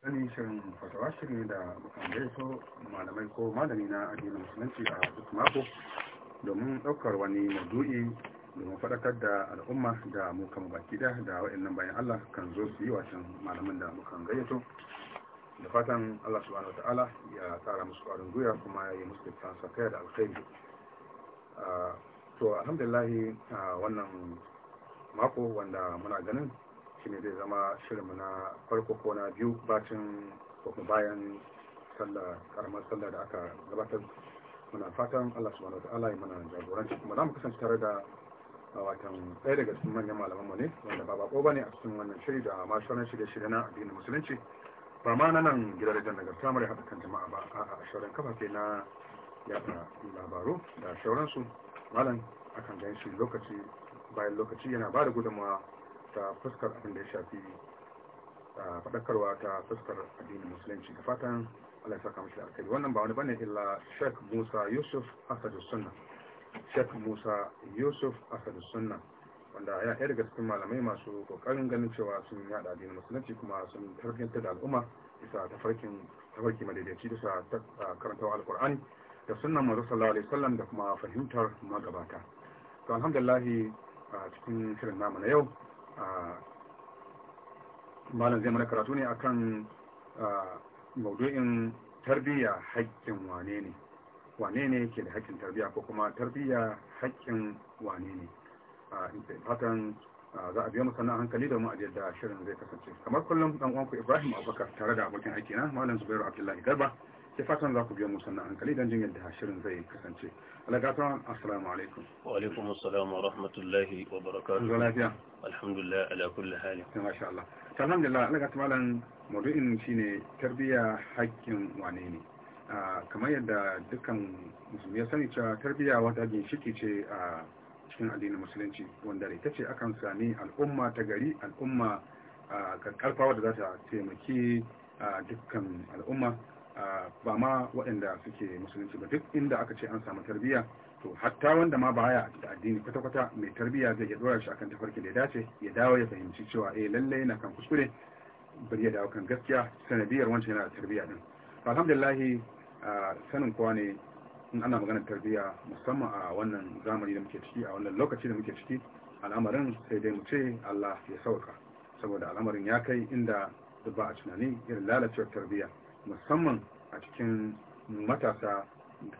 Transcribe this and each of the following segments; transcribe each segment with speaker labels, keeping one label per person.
Speaker 1: sani shirin fatawa shiri da makamai ko malamai ko malami na addinin musulunci a duk mako domin ɗaukar wani maudu'i domin faɗakar da al'umma da mu baki da da bayan Allah kan zo su yi wasan malaman da mukan gayyato da fatan Allah subhanahu ta'ala ya tsara musu ƙwarin gwiwa kuma ya yi musu sa kai da alkhairi ah, to alhamdulillah ah, wannan mako wanda muna ganin shine zai zama shirinmu na farko ko na biyu bacin kuma bayan sallah karamar sallah da aka gabatar muna fatan Allah subhanahu wa ta'ala ya mana jagoranci kuma za mu kasance tare da watan ɗaya daga cikin manyan malaman mu ne wanda ba bako bane a cikin wannan shiri da ma shirin shirye shirye na addinin musulunci ba ma na nan gidan rajin daga samar haɗa kan jama'a ba a sauran kafafe na yaɗa labaru da sauransu malam akan gan shi lokaci bayan lokaci yana ba da gudunmawa ta fuskar abin da ya shafi faɗakarwa ta fuskar addinin musulunci da fatan Allah ya saka mashi alkhairi wannan ba wani bane illa Sheikh Musa Yusuf Asadu Sunna Sheikh Musa Yusuf Asadu Sunna wanda ya ɗaya daga cikin malamai masu kokarin ganin cewa sun yada addinin musulunci kuma sun tarbiyyanta da al'umma bisa tafarkin tafarki madaidaici ta karantawa alkur'ani da sunnan manzo sallallahu alaihi wasallam da kuma fahimtar magabata to alhamdulillah cikin shirin namu na yau malam zai mana karatu ne akan maudu'in tarbiyya haƙƙin wane ne wane ne ke da haƙƙin tarbiyya ko kuma tarbiyya haƙƙin wane ne fatan za a biya mu sannan hankali da mu a da shirin zai kasance kamar kullum dan uwanku Ibrahim Abubakar tare da abokin aiki na malam Zubairu Abdullahi Garba da fatan za ku biya musan na hankali don jin yadda shirin zai kasance alagata assalamu alaikum wa alaikum assalamu
Speaker 2: wa rahmatullahi wa barakatuhu zuwa lafiya alhamdulillah ala kulli hali ta masha Allah
Speaker 1: ta alhamdulillah alagata malam maudu'in shine tarbiyya haƙƙin wane ne ah, kamar yadda dukkan musulmi ya sani cewa tarbiyya wata ginshiki ce a cikin addinin musulunci wanda ta ce akan sami al'umma ta gari al'umma ah, karfawa da za ta taimaki ah, dukkan al'umma ba ma waɗanda suke musulunci ba duk inda aka ce an samu tarbiyya to hatta wanda ma baya da addini kwata-kwata mai tarbiyya zai iya dora shi akan tafarkin da ya dace ya dawo ya fahimci cewa eh lalle yana kan kuskure bari ya dawo kan gaskiya sanadiyar wancan yana da tarbiyya din alhamdulillah sanin kowa ne in ana maganar tarbiyya musamman a wannan zamani da muke ciki a wannan lokaci da muke ciki al'amarin sai dai mu ce Allah ya sauka saboda al'amarin ya kai inda ba a tunani irin lalacewar tarbiyya musamman a cikin matasa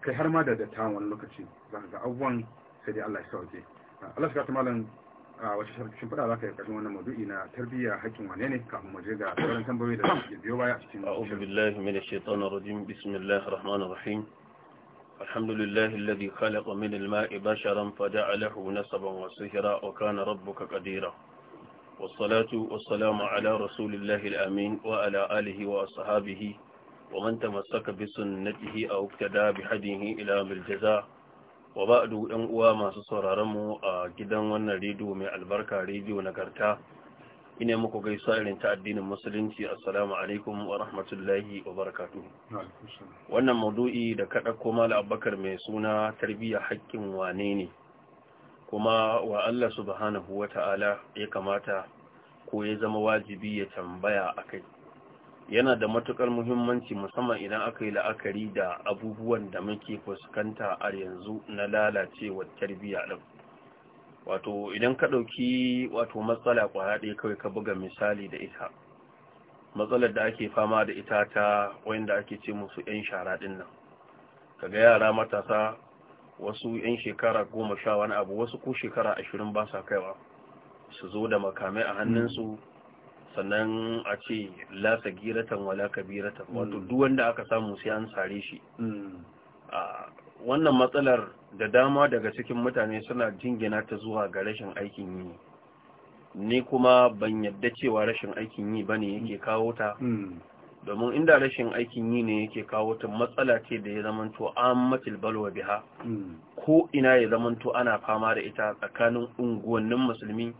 Speaker 1: kai har ma da dattawan wani lokaci za ka ga abubuwan sai dai Allah ya sauke Allah ya malam a wace sharkashin fada za ka yi ƙarfin wannan maudu'i na tarbiyya hakkin wane ne kafin waje ga sauran tambayoyi da suke biyo baya a
Speaker 2: cikin a'udhu billahi minash shaitanir rajim bismillahir rahmanir rahim الحمد لله الذي خلق من الماء بشرا فجعله نسبا وسهرا وكان ربك قديرا والصلاة والسلام على رسول الله الأمين وعلى آله وأصحابه saka a ومن تمسك بسنته أو اقتدى بهديه uwa masu وبعد أن أواما سسرارمو جدا وانا ريدو من البركة ريدو نكرتا ina muku gaisuwa irin ta addinin musulunci assalamu alaikum wa rahmatullahi wa barakatuh wannan maudu'i da ka dauko mal abubakar mai suna tarbiyya haƙƙin wane ne kuma wa Allah subhanahu ta'ala, ya kamata ko ya zama wajibi ya tambaya a kai. yana da matukar muhimmanci musamman idan aka yi la'akari da abubuwan da muke fuskanta a yanzu na lalacewar tarbiyya din wato idan ka ɗauki wato matsala kwaya ɗaya kawai ka buga misali da ita matsalar da ake fama da ita ta wanda ake ce musu 'yan shara ɗinnan. nan kaga yara matasa wasu 'yan shekara goma sha wani abu wasu ko shekara ashirin ba sa kaiwa su zo da makamai a hannunsu sannan a ce la sagiratan wala kabiratan hmm. wato duk wanda aka samu sai an sare shi hmm. wannan matsalar da dama daga cikin mutane suna jingina ta zuwa ga rashin aikin yi ni kuma ban yadda cewa rashin aikin yi bane hmm. yake kawo ta domin inda rashin aikin yi ne yake kawo ta matsala ce da ya zamanto an matil balwa biha ko ina ya zamanto ana fama da ita tsakanin unguwannin musulmi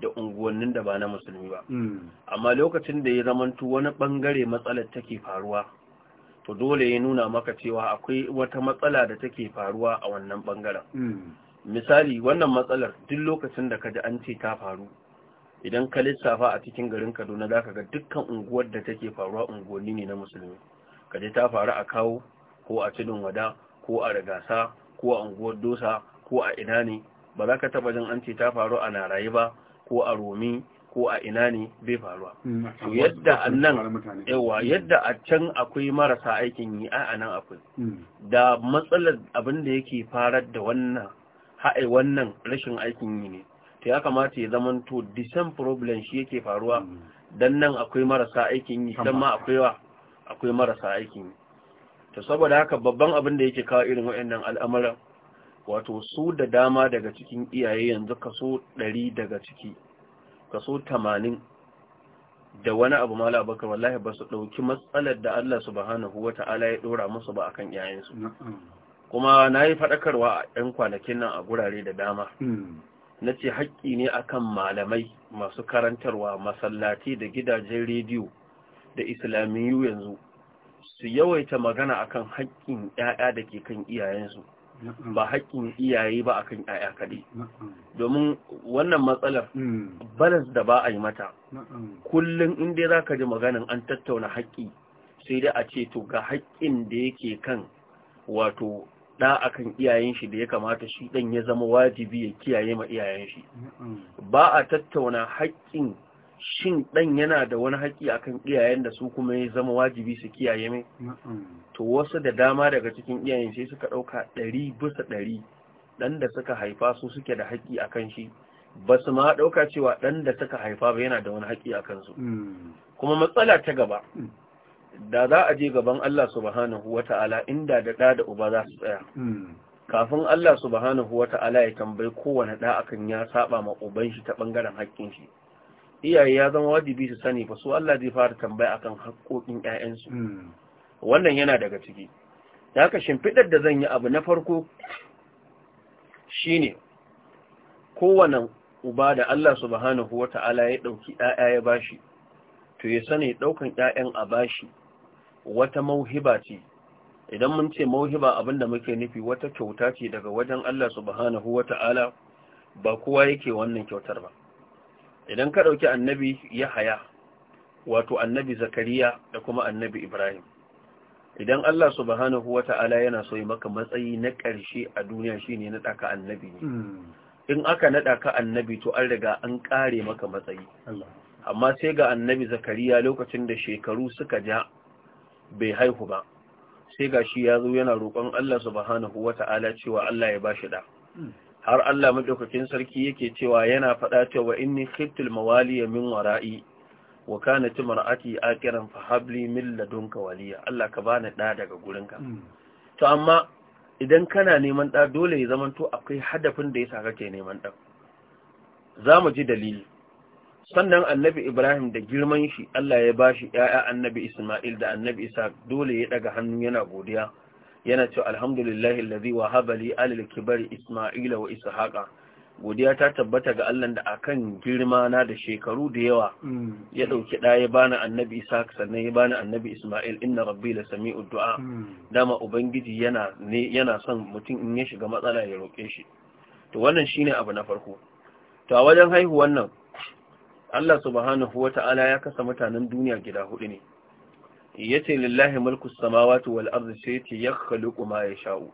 Speaker 2: da unguwannin da ba na musulmi ba hmm. amma lokacin da ya zamantu wani bangare matsalar take faruwa to dole ya nuna maka cewa akwai wata matsala da take faruwa a wannan bangaren hmm. misali wannan matsalar duk lokacin da kaji an ce ta faru idan ka lissafa a cikin garin Kaduna zaka ga dukkan unguwar da take faruwa unguwanni ne na musulmi Kaji ta faru a kawo ko a Tudun Wada ko a Rigasa ko a unguwar Dosa ko a ina ne ba za ka taba jin an ce ta faru a rayu ba ko a romi ko a ina ne bai faruwa
Speaker 3: mm, yadda annan yawa mm. yadda
Speaker 2: a can akwai marasa aikin yi a nan akwai mm. da matsalar abin da yake farar da wannan haɗe wannan rashin aikin yi ne ta ya kamata ya zama to disan problem shi yake faruwa dan nan akwai marasa aikin yi can ma akwai wa akwai marasa aikin yi Ta saboda haka babban abin da yake kawo irin waɗannan al'amuran wato su da dama daga cikin iyaye yanzu kaso ɗari daga ciki kaso tamanin da wani abu mala abakar wallahi ba su ɗauki matsalar da Allah subhanahu wa ta'ala ya ɗora musu ba akan iyayensu kuma na yi faɗakarwa a 'yan kwanakin nan a gurare da dama hmm. na ce haƙƙi ne akan malamai masu karantarwa masallati da gidajen rediyo da islamiyu yanzu su yawaita magana akan haƙƙin 'ya'ya da ke kan iyayensu ba haƙƙin iyaye ba akan ƴaƴa kaɗai domin wannan matsalar balas da ba a yi mata kullum in dai zaka ji maganan an tattauna haƙƙi sai dai a ce to ga haƙƙin da yake kan wato ɗa akan iyayen shi da ya kamata shi ɗan ya zama wajibi ya kiyaye ma iyayen shi ba a tattauna haƙƙin shin ɗan yana da wani haƙi akan iyayen da su kuma ya zama wajibi su kiyaye mai to wasu da dama daga cikin iyayen sai suka ɗauka ɗari bisa ɗari ɗan da suka haifa su suke da haƙi akan shi ba su ma ɗauka cewa ɗan da suka haifa ba yana da wani haƙi a kansu mm. kuma matsala ta gaba mm. da za a je gaban Allah subhanahu ta'ala inda da ɗa da uba za su tsaya mm. kafin Allah subhanahu ta'ala ya tambayi kowane ɗa akan ya saba ma uban shi ta ɓangaren haƙƙin shi iyaye ya zama wajibi su sani ba su Allah zai fara tambaya akan haƙoƙin ƴaƴansu hmm. wannan yana daga ciki haka shimfidar da zan yi abu na farko shine kowane uba da Allah subhanahu wata'ala ya dauki ƴaƴa ya bashi to ya sani daukan ƴaƴan a bashi wata mauhiba ce idan mun ce mauhiba abinda muke nufi wata kyauta ce daga wajen Allah subhanahu wata'ala ba kowa yake wannan kyautar ba idan ka ɗauki annabi ya haya, wato annabi zakariya da kuma annabi ibrahim idan Allah subhanahu wa ta'ala yana so yi maka matsayi na ƙarshe a duniya shine na ɗaka annabi hmm. in aka naɗa ka annabi to an riga an ƙare maka matsayi amma sai ga annabi zakariya lokacin da shekaru suka ja bai haihu ba sai ga shi ya zo yana roƙon Allah subhanahu wa ta'ala cewa Allah ya ba shi da har Allah madaukakin sarki yake cewa yana faɗa cewa inni khiftul mawaliya min wara'i wa kanat mar'ati akiran fa habli min ladunka waliya Allah ka bani da daga gurinka hmm. to amma idan kana neman da dole ya zama to akwai hadafin da yasa kake neman da zamu ji dalili sannan annabi Ibrahim da girman shi Allah ya bashi 'ya'ya annabi Isma'il da annabi Isa dole ya daga hannu yana godiya yana ce alhamdulillahi allazi wahaba li alil kibar isma'ila wa ishaqa godiya ta tabbata ga Allah da akan girma na da shekaru da yawa mm. ya dauki da ya bani annabi ishaq sannan ya bani annabi isma'il inna rabbi la sami'u du'a mm. dama ubangiji yana ne yana son mutum in ya shiga matsala ya roke shi to wannan shine abu na farko to a wajen haihu wannan. Allah subhanahu wata'ala ya kasa mutanen duniya gida hudu ne yace lillahi mulku samawati wal ardi sai ce yace yakhluqu ma yasha'u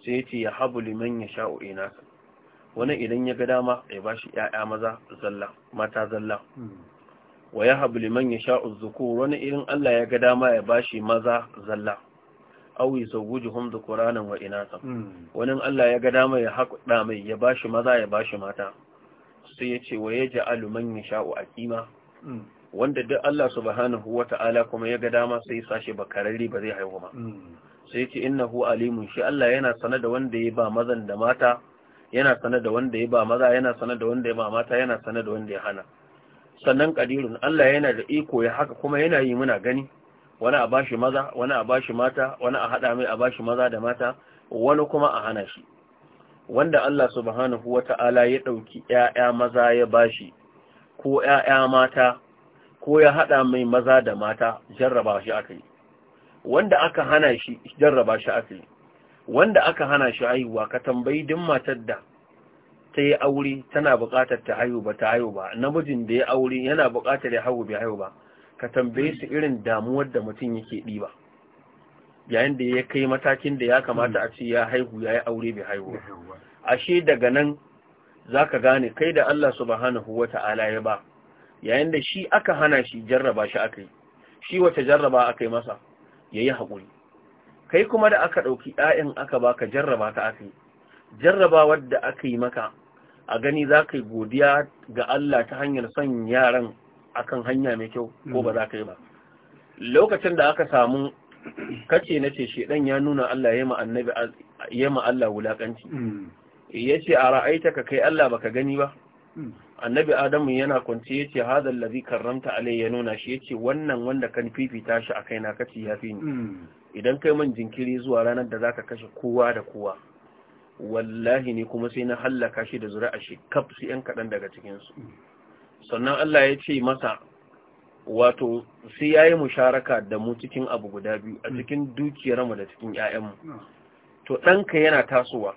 Speaker 2: sai ce yace yahabu liman yasha'u inasa wani idan ya ga dama ya bashi yaya maza zalla mata zalla wa ya yahabu liman yasha'u dhukur wani idan Allah ya ga dama ya bashi maza zalla aw yuzawwijuhum dhukuranan wa inasa wani Allah ya ga dama ya haƙuda mai ya bashi maza ya bashi mata sai ce wa yaj'alu man yasha'u aqima wanda duk Allah subhanahu wata'ala kuma ya ga dama sai ya sashi bakararri ba zai haihu ba mm. sai ce innahu alimun shi Allah yana sanar da wanda ya ba mazan da mata yana sanar da wanda ya ba maza yana sanar da wanda ya ba mata yana sanar da wanda ya hana sannan kadirun Allah yana da iko ya haka kuma yana yi muna gani wani a bashi maza wani a bashi mata wani a hada mai a bashi maza da mata wani kuma a hana shi wanda Allah subhanahu wata'ala ya dauki ƴaƴa maza ya bashi ko ƴaƴa mata ko ya haɗa mai maza da mata jarraba shi aka yi wanda aka hana shi jarraba shi aka yi wanda aka hana shi haihuwa ka tambayi din matar da ta yi aure tana buƙatar ta haihu ba ta haihu ba namijin da ya aure yana buƙatar ya haihu bai haihu ba ka tambaye su irin damuwar da mutum yake ɗiba yayin da ya kai matakin da ya kamata a ce ya haihu ya yi aure bai haihu ashe daga nan za ka gane kai da Allah subhanahu wa ta'ala ya ba yayin da shi aka hana shi jarraba shi aka yi shi wace jarraba aka yi masa ya yi haƙuri kai kuma da aka ɗauki ‘ya'yan aka baka jarraba ta aka yi jarraba wadda aka yi maka a gani za ka yi godiya ga Allah ta hanyar son yaran akan hanya mai kyau ko ba za ka yi ba lokacin da aka samu kace na ce shedan ya nuna Allah ya annabi ya ma Allah wulakanci mm. yace a ra'aita ka kai Allah baka gani ba mm. annabi adamu yana kwanci yace hadal ladhi karramta ya nuna shi yace wannan wanda kan fifita shi akai na kace yafi ni hmm. idan kai man jinkiri zuwa ranar da zaka kashe kowa da kowa wallahi ne kuma sai na hallaka shi da zuri'a shi kaf su yan kadan daga cikin su hmm. sannan Allah ya ce masa wato sai yayi musharaka da mu cikin abu guda biyu a hmm. cikin dukiyar mu da cikin ƴaƴan mu ah. to ɗanka yana tasowa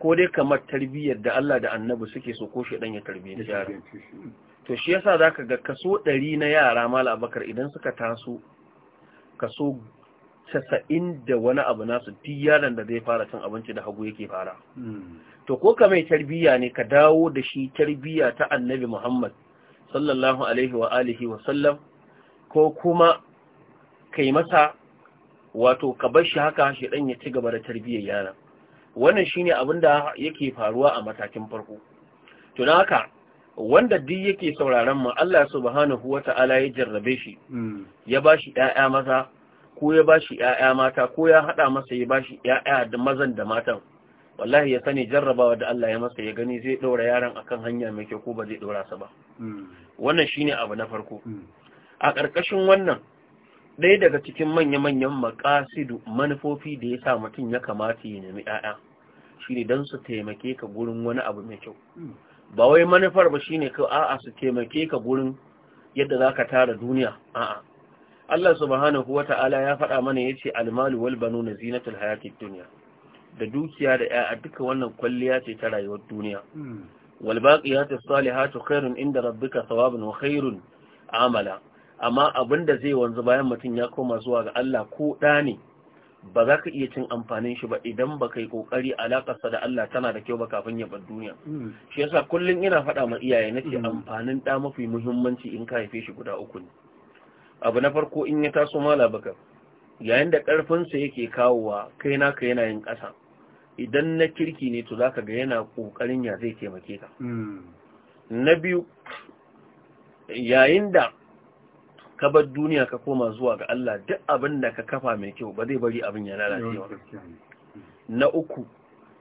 Speaker 2: ko dai kamar tarbiyyar da Allah da annabi suke so ko shedan ya tarbiyyanci yaro to shi yasa zaka ga kaso ɗari na yara mala abakar idan suka taso kaso 90 da wani abu nasu duk yaran da zai fara cin abinci da hagu yake fara to ko ka mai tarbiyya ne ka dawo da shi tarbiyya ta annabi Muhammad sallallahu alaihi wa alihi wa sallam ko kuma kai masa wato ka bar shi haka shi dan ya ci gaba da tarbiyyar yaran. wannan shine abin da yake faruwa a matakin farko to don haka wanda duk yake sauraron mu Allah subhanahu wata'ala ya jarrabe shi hmm. ya bashi ƴaƴa maza ko ya bashi ƴaƴa mata ko ya haɗa masa ya bashi ƴaƴa da mazan da matan wallahi ya sani jarrabawa da Allah ya masa ya gani zai ɗora yaron akan hanya mai kyau ko ba zai ɗora sa ba hmm. wannan shine abu na farko hmm. a ƙarƙashin wannan ɗaya daga cikin manya-manyan makasidu manufofi da ya sa mutum ya kamata ya nemi ‘ya'ya shi ne don su taimake ka gurin wani abu mai kyau ba wai manufar ba shi ne ka a'a su taimake ka gurin yadda za ka tara duniya a'a Allah subhanahu wa ta'ala ya faɗa mana ya ce almalu wal banu na zinatul hayatid duniya da dukiya da ‘ya'ya duka wannan kwalliya ce ta rayuwar duniya hmm. wal baqiyatu salihatu khairun inda rabbika thawabun wa khairun amala amma abin da zai wanzu bayan mutum ya koma zuwa ga Allah ko ɗa ne ba za ka iya cin amfanin shi ba idan ba yi ƙoƙari alaƙarsa da Allah tana da kyau ba kafin ya bar duniya mm. shi yasa kullum ina faɗa ma iyaye na ce mm. amfanin ɗa mafi muhimmanci in ka haife shi guda uku ne abu na farko in ya taso mala baka yayin da karfin sa yake kawowa kai naka yana yin ƙasa idan na kirki ne to za ka ga yana kokarin ya zai taimake ka mm. na biyu yayin da ka bar duniya ka koma zuwa ga Allah duk abin da ka kafa mai kyau ba zai bari abin ya lalace ba na uku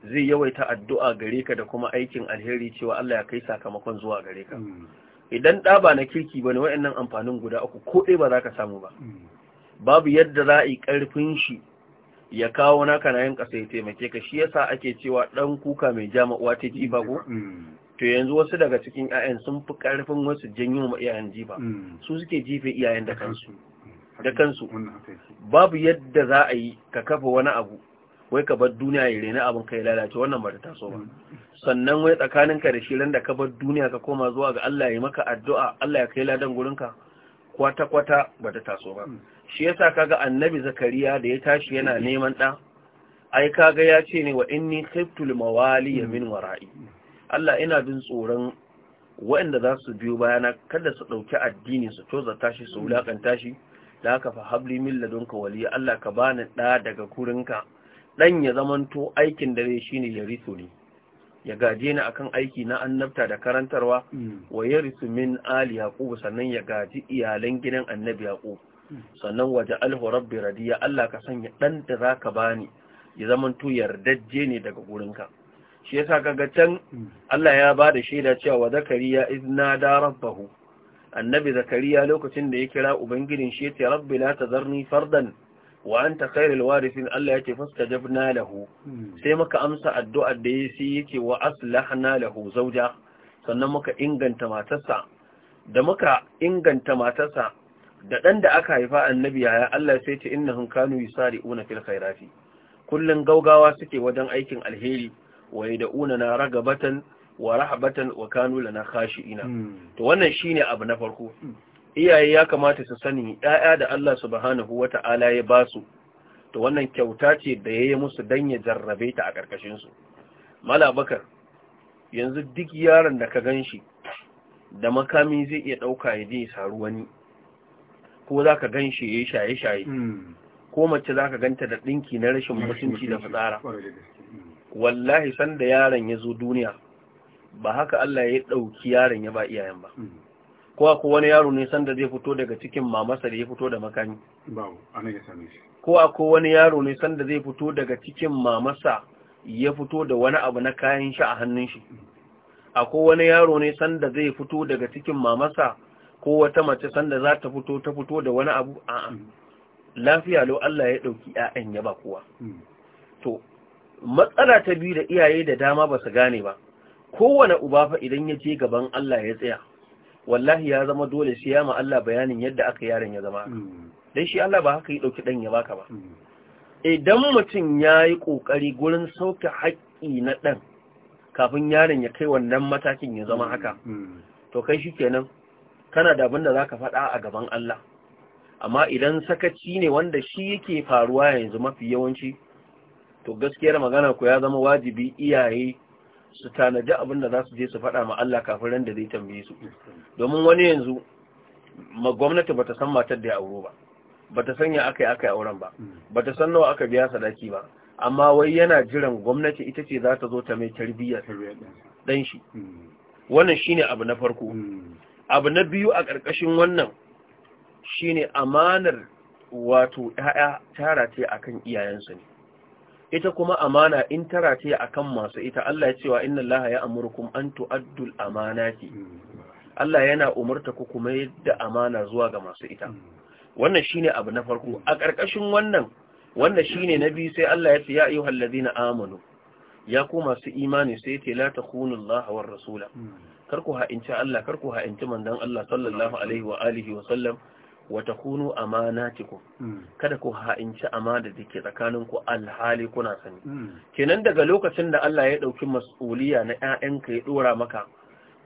Speaker 2: zai yawaita addu'a gare ka da kuma aikin alheri cewa Allah ya kai sakamakon zuwa gare ka hmm. idan ɗa ba na kirki ba ne wa'annan amfanin guda uku ko ɗaya ba za ka samu ba hmm. babu yadda za a yi ƙarfin shi ya kawo naka na yin ƙasa ya taimake ka shi yasa ake cewa ɗan kuka mai jama'uwa uwa ta ba ko hmm. to yanzu wasu daga cikin 'ya'yan sun fi ƙarfin wasu janyo ma iyayen jifa mm. su suke jife iyayen da kansu da kansu mm. babu yadda za a yi ka kafa wani abu wai ka bar duniya ya rena abin kai ya lalace wannan ba ta taso ba mm. sannan wai ka da shirin da ka bar duniya ka koma zuwa ga Allah ya yi maka addu'a Allah ya kai ladan ka, kwata kwata ba ta taso ba shi yasa kaga annabi zakariya da ya tashi yana neman ɗa ai kaga ya ce ne wa inni khiftul mawali min wara'i Allah ina bin tsoron waɗanda za su biyo bayana kada su ɗauki addini su coza tashi, su wulaƙanta shi da haka fa habli min ladunka wali Allah ka bani ɗa daga kurinka ɗan ya zamanto aikin dare shine ya riso ne ya gaje ni akan aiki na annabta da karantarwa mm. wa ya risu min ali yaqub sannan ya gaji iyalan gidan annabi yaqub mm. sannan waje alhu rabbi radiya Allah ka sanya ɗan da zaka bani ya zamanto yardajje ne daga gurinka shi yasa kaga can hmm. Allah ya ba da shaida cewa wa zakariya izna da rabbahu annabi zakariya lokacin da ya kira ubangijin shi yace rabbi la tazarni fardan wa anta khairul warithin Allah yace fastajabna lahu hmm. sai muka amsa addu'ar da yayi yake wa aslahna lahu zawja sannan muka inganta matarsa da muka inganta matarsa da ɗan da aka haifa annabi ya, Allah sai ce innahum kanu yusari'una fil khairati kullun gaugawa suke wajen aikin alheri wa na ragabatan wa rahabatan wa kanu lana khashi'ina hmm. to wannan shine abu na farko hmm. iyaye ya kamata su sani ɗaya da Allah subhanahu wata'ala ya basu to wannan kyauta ce da yayi musu dan ya jarrabe ta a karkashin su mala bakar yanzu duk yaron da ka ganshi da makami zai iya dauka ya je ya saru wani ko zaka ganshi yayi shaye shaye hmm. ko mace zaka ganta da dinki na rashin mutunci da fitsara wallahi sanda yaron ya zo duniya ba haka Allah ya ɗauki yaron ya ba iyayen ba mm. ko ko wani yaro ne sanda zai fito daga cikin mamasa da ya fito da makami ko ko wani yaro ne sanda zai fito daga cikin mamasa ya fito da wani abu na kayan shi a hannun shi mm. akwai wani yaro ne sanda zai fito daga cikin mamasa ko wata mace sanda za ta fito ta fito da wani abu a'a mm. lafiya lo Allah ya ɗauki ‘ya'yan ya ba kowa. To, matsala ta biyu da iyaye da dama ba su gane ba kowane uba fa idan ya je gaban Allah ya tsaya wallahi ya zama dole sai ya ma Allah bayanin yadda aka yaron ya zama mm. dan shi Allah ba haka ya ɗauki ɗan ya baka ba mm. idan mutum yayi kokari gurin sauke haƙƙi na ɗan kafin yaron ya kai wannan matakin ya zama mm. haka to kai shi shikenan kana da abin da za ka faɗa a gaban Allah amma idan sakaci ne wanda shi yake faruwa yanzu mafi yawanci to gaskiyar magana ku ya zama wajibi iyaye su tanaji abin da za su je su faɗa ma Allah kafin ran da zai tambaye su domin wani yanzu ma gwamnati bata san matar da ya auro ba bata san ya aka yi auren ba bata san nawa aka biya sadaki ba amma wai yana jiran gwamnati ita ce za ta zo ta mai tarbiyyar dan shi wannan shine abu na farko abu na biyu a ƙarƙashin wannan shine amanar wato ‘ya'ya tara ce akan kan iyayensu ne ita kuma amana in tara ce akan masu ita Allah ya cewa inna Allah ya amurkum an tu'addul amanati Allah yana umarta ku kuma yadda amana zuwa ga masu ita wannan shine abu na farko a ƙarƙashin wannan wannan shine na biyu sai Allah ya ce ya ayyuhal ladina amanu ya ku masu imani sai ya ce la takhunu Allah war rasula hmm. kar ku ha'inci Allah kar ku ha'inci manzon Allah sallallahu alaihi wa alihi wa sallam wata kunu amanatikum hmm. kada ku ha'inci amana da ke tsakanin ku alhali kuna sani hmm. kenan daga lokacin da Allah ya dauki mas'uliya na ƴaƴanka ya dora maka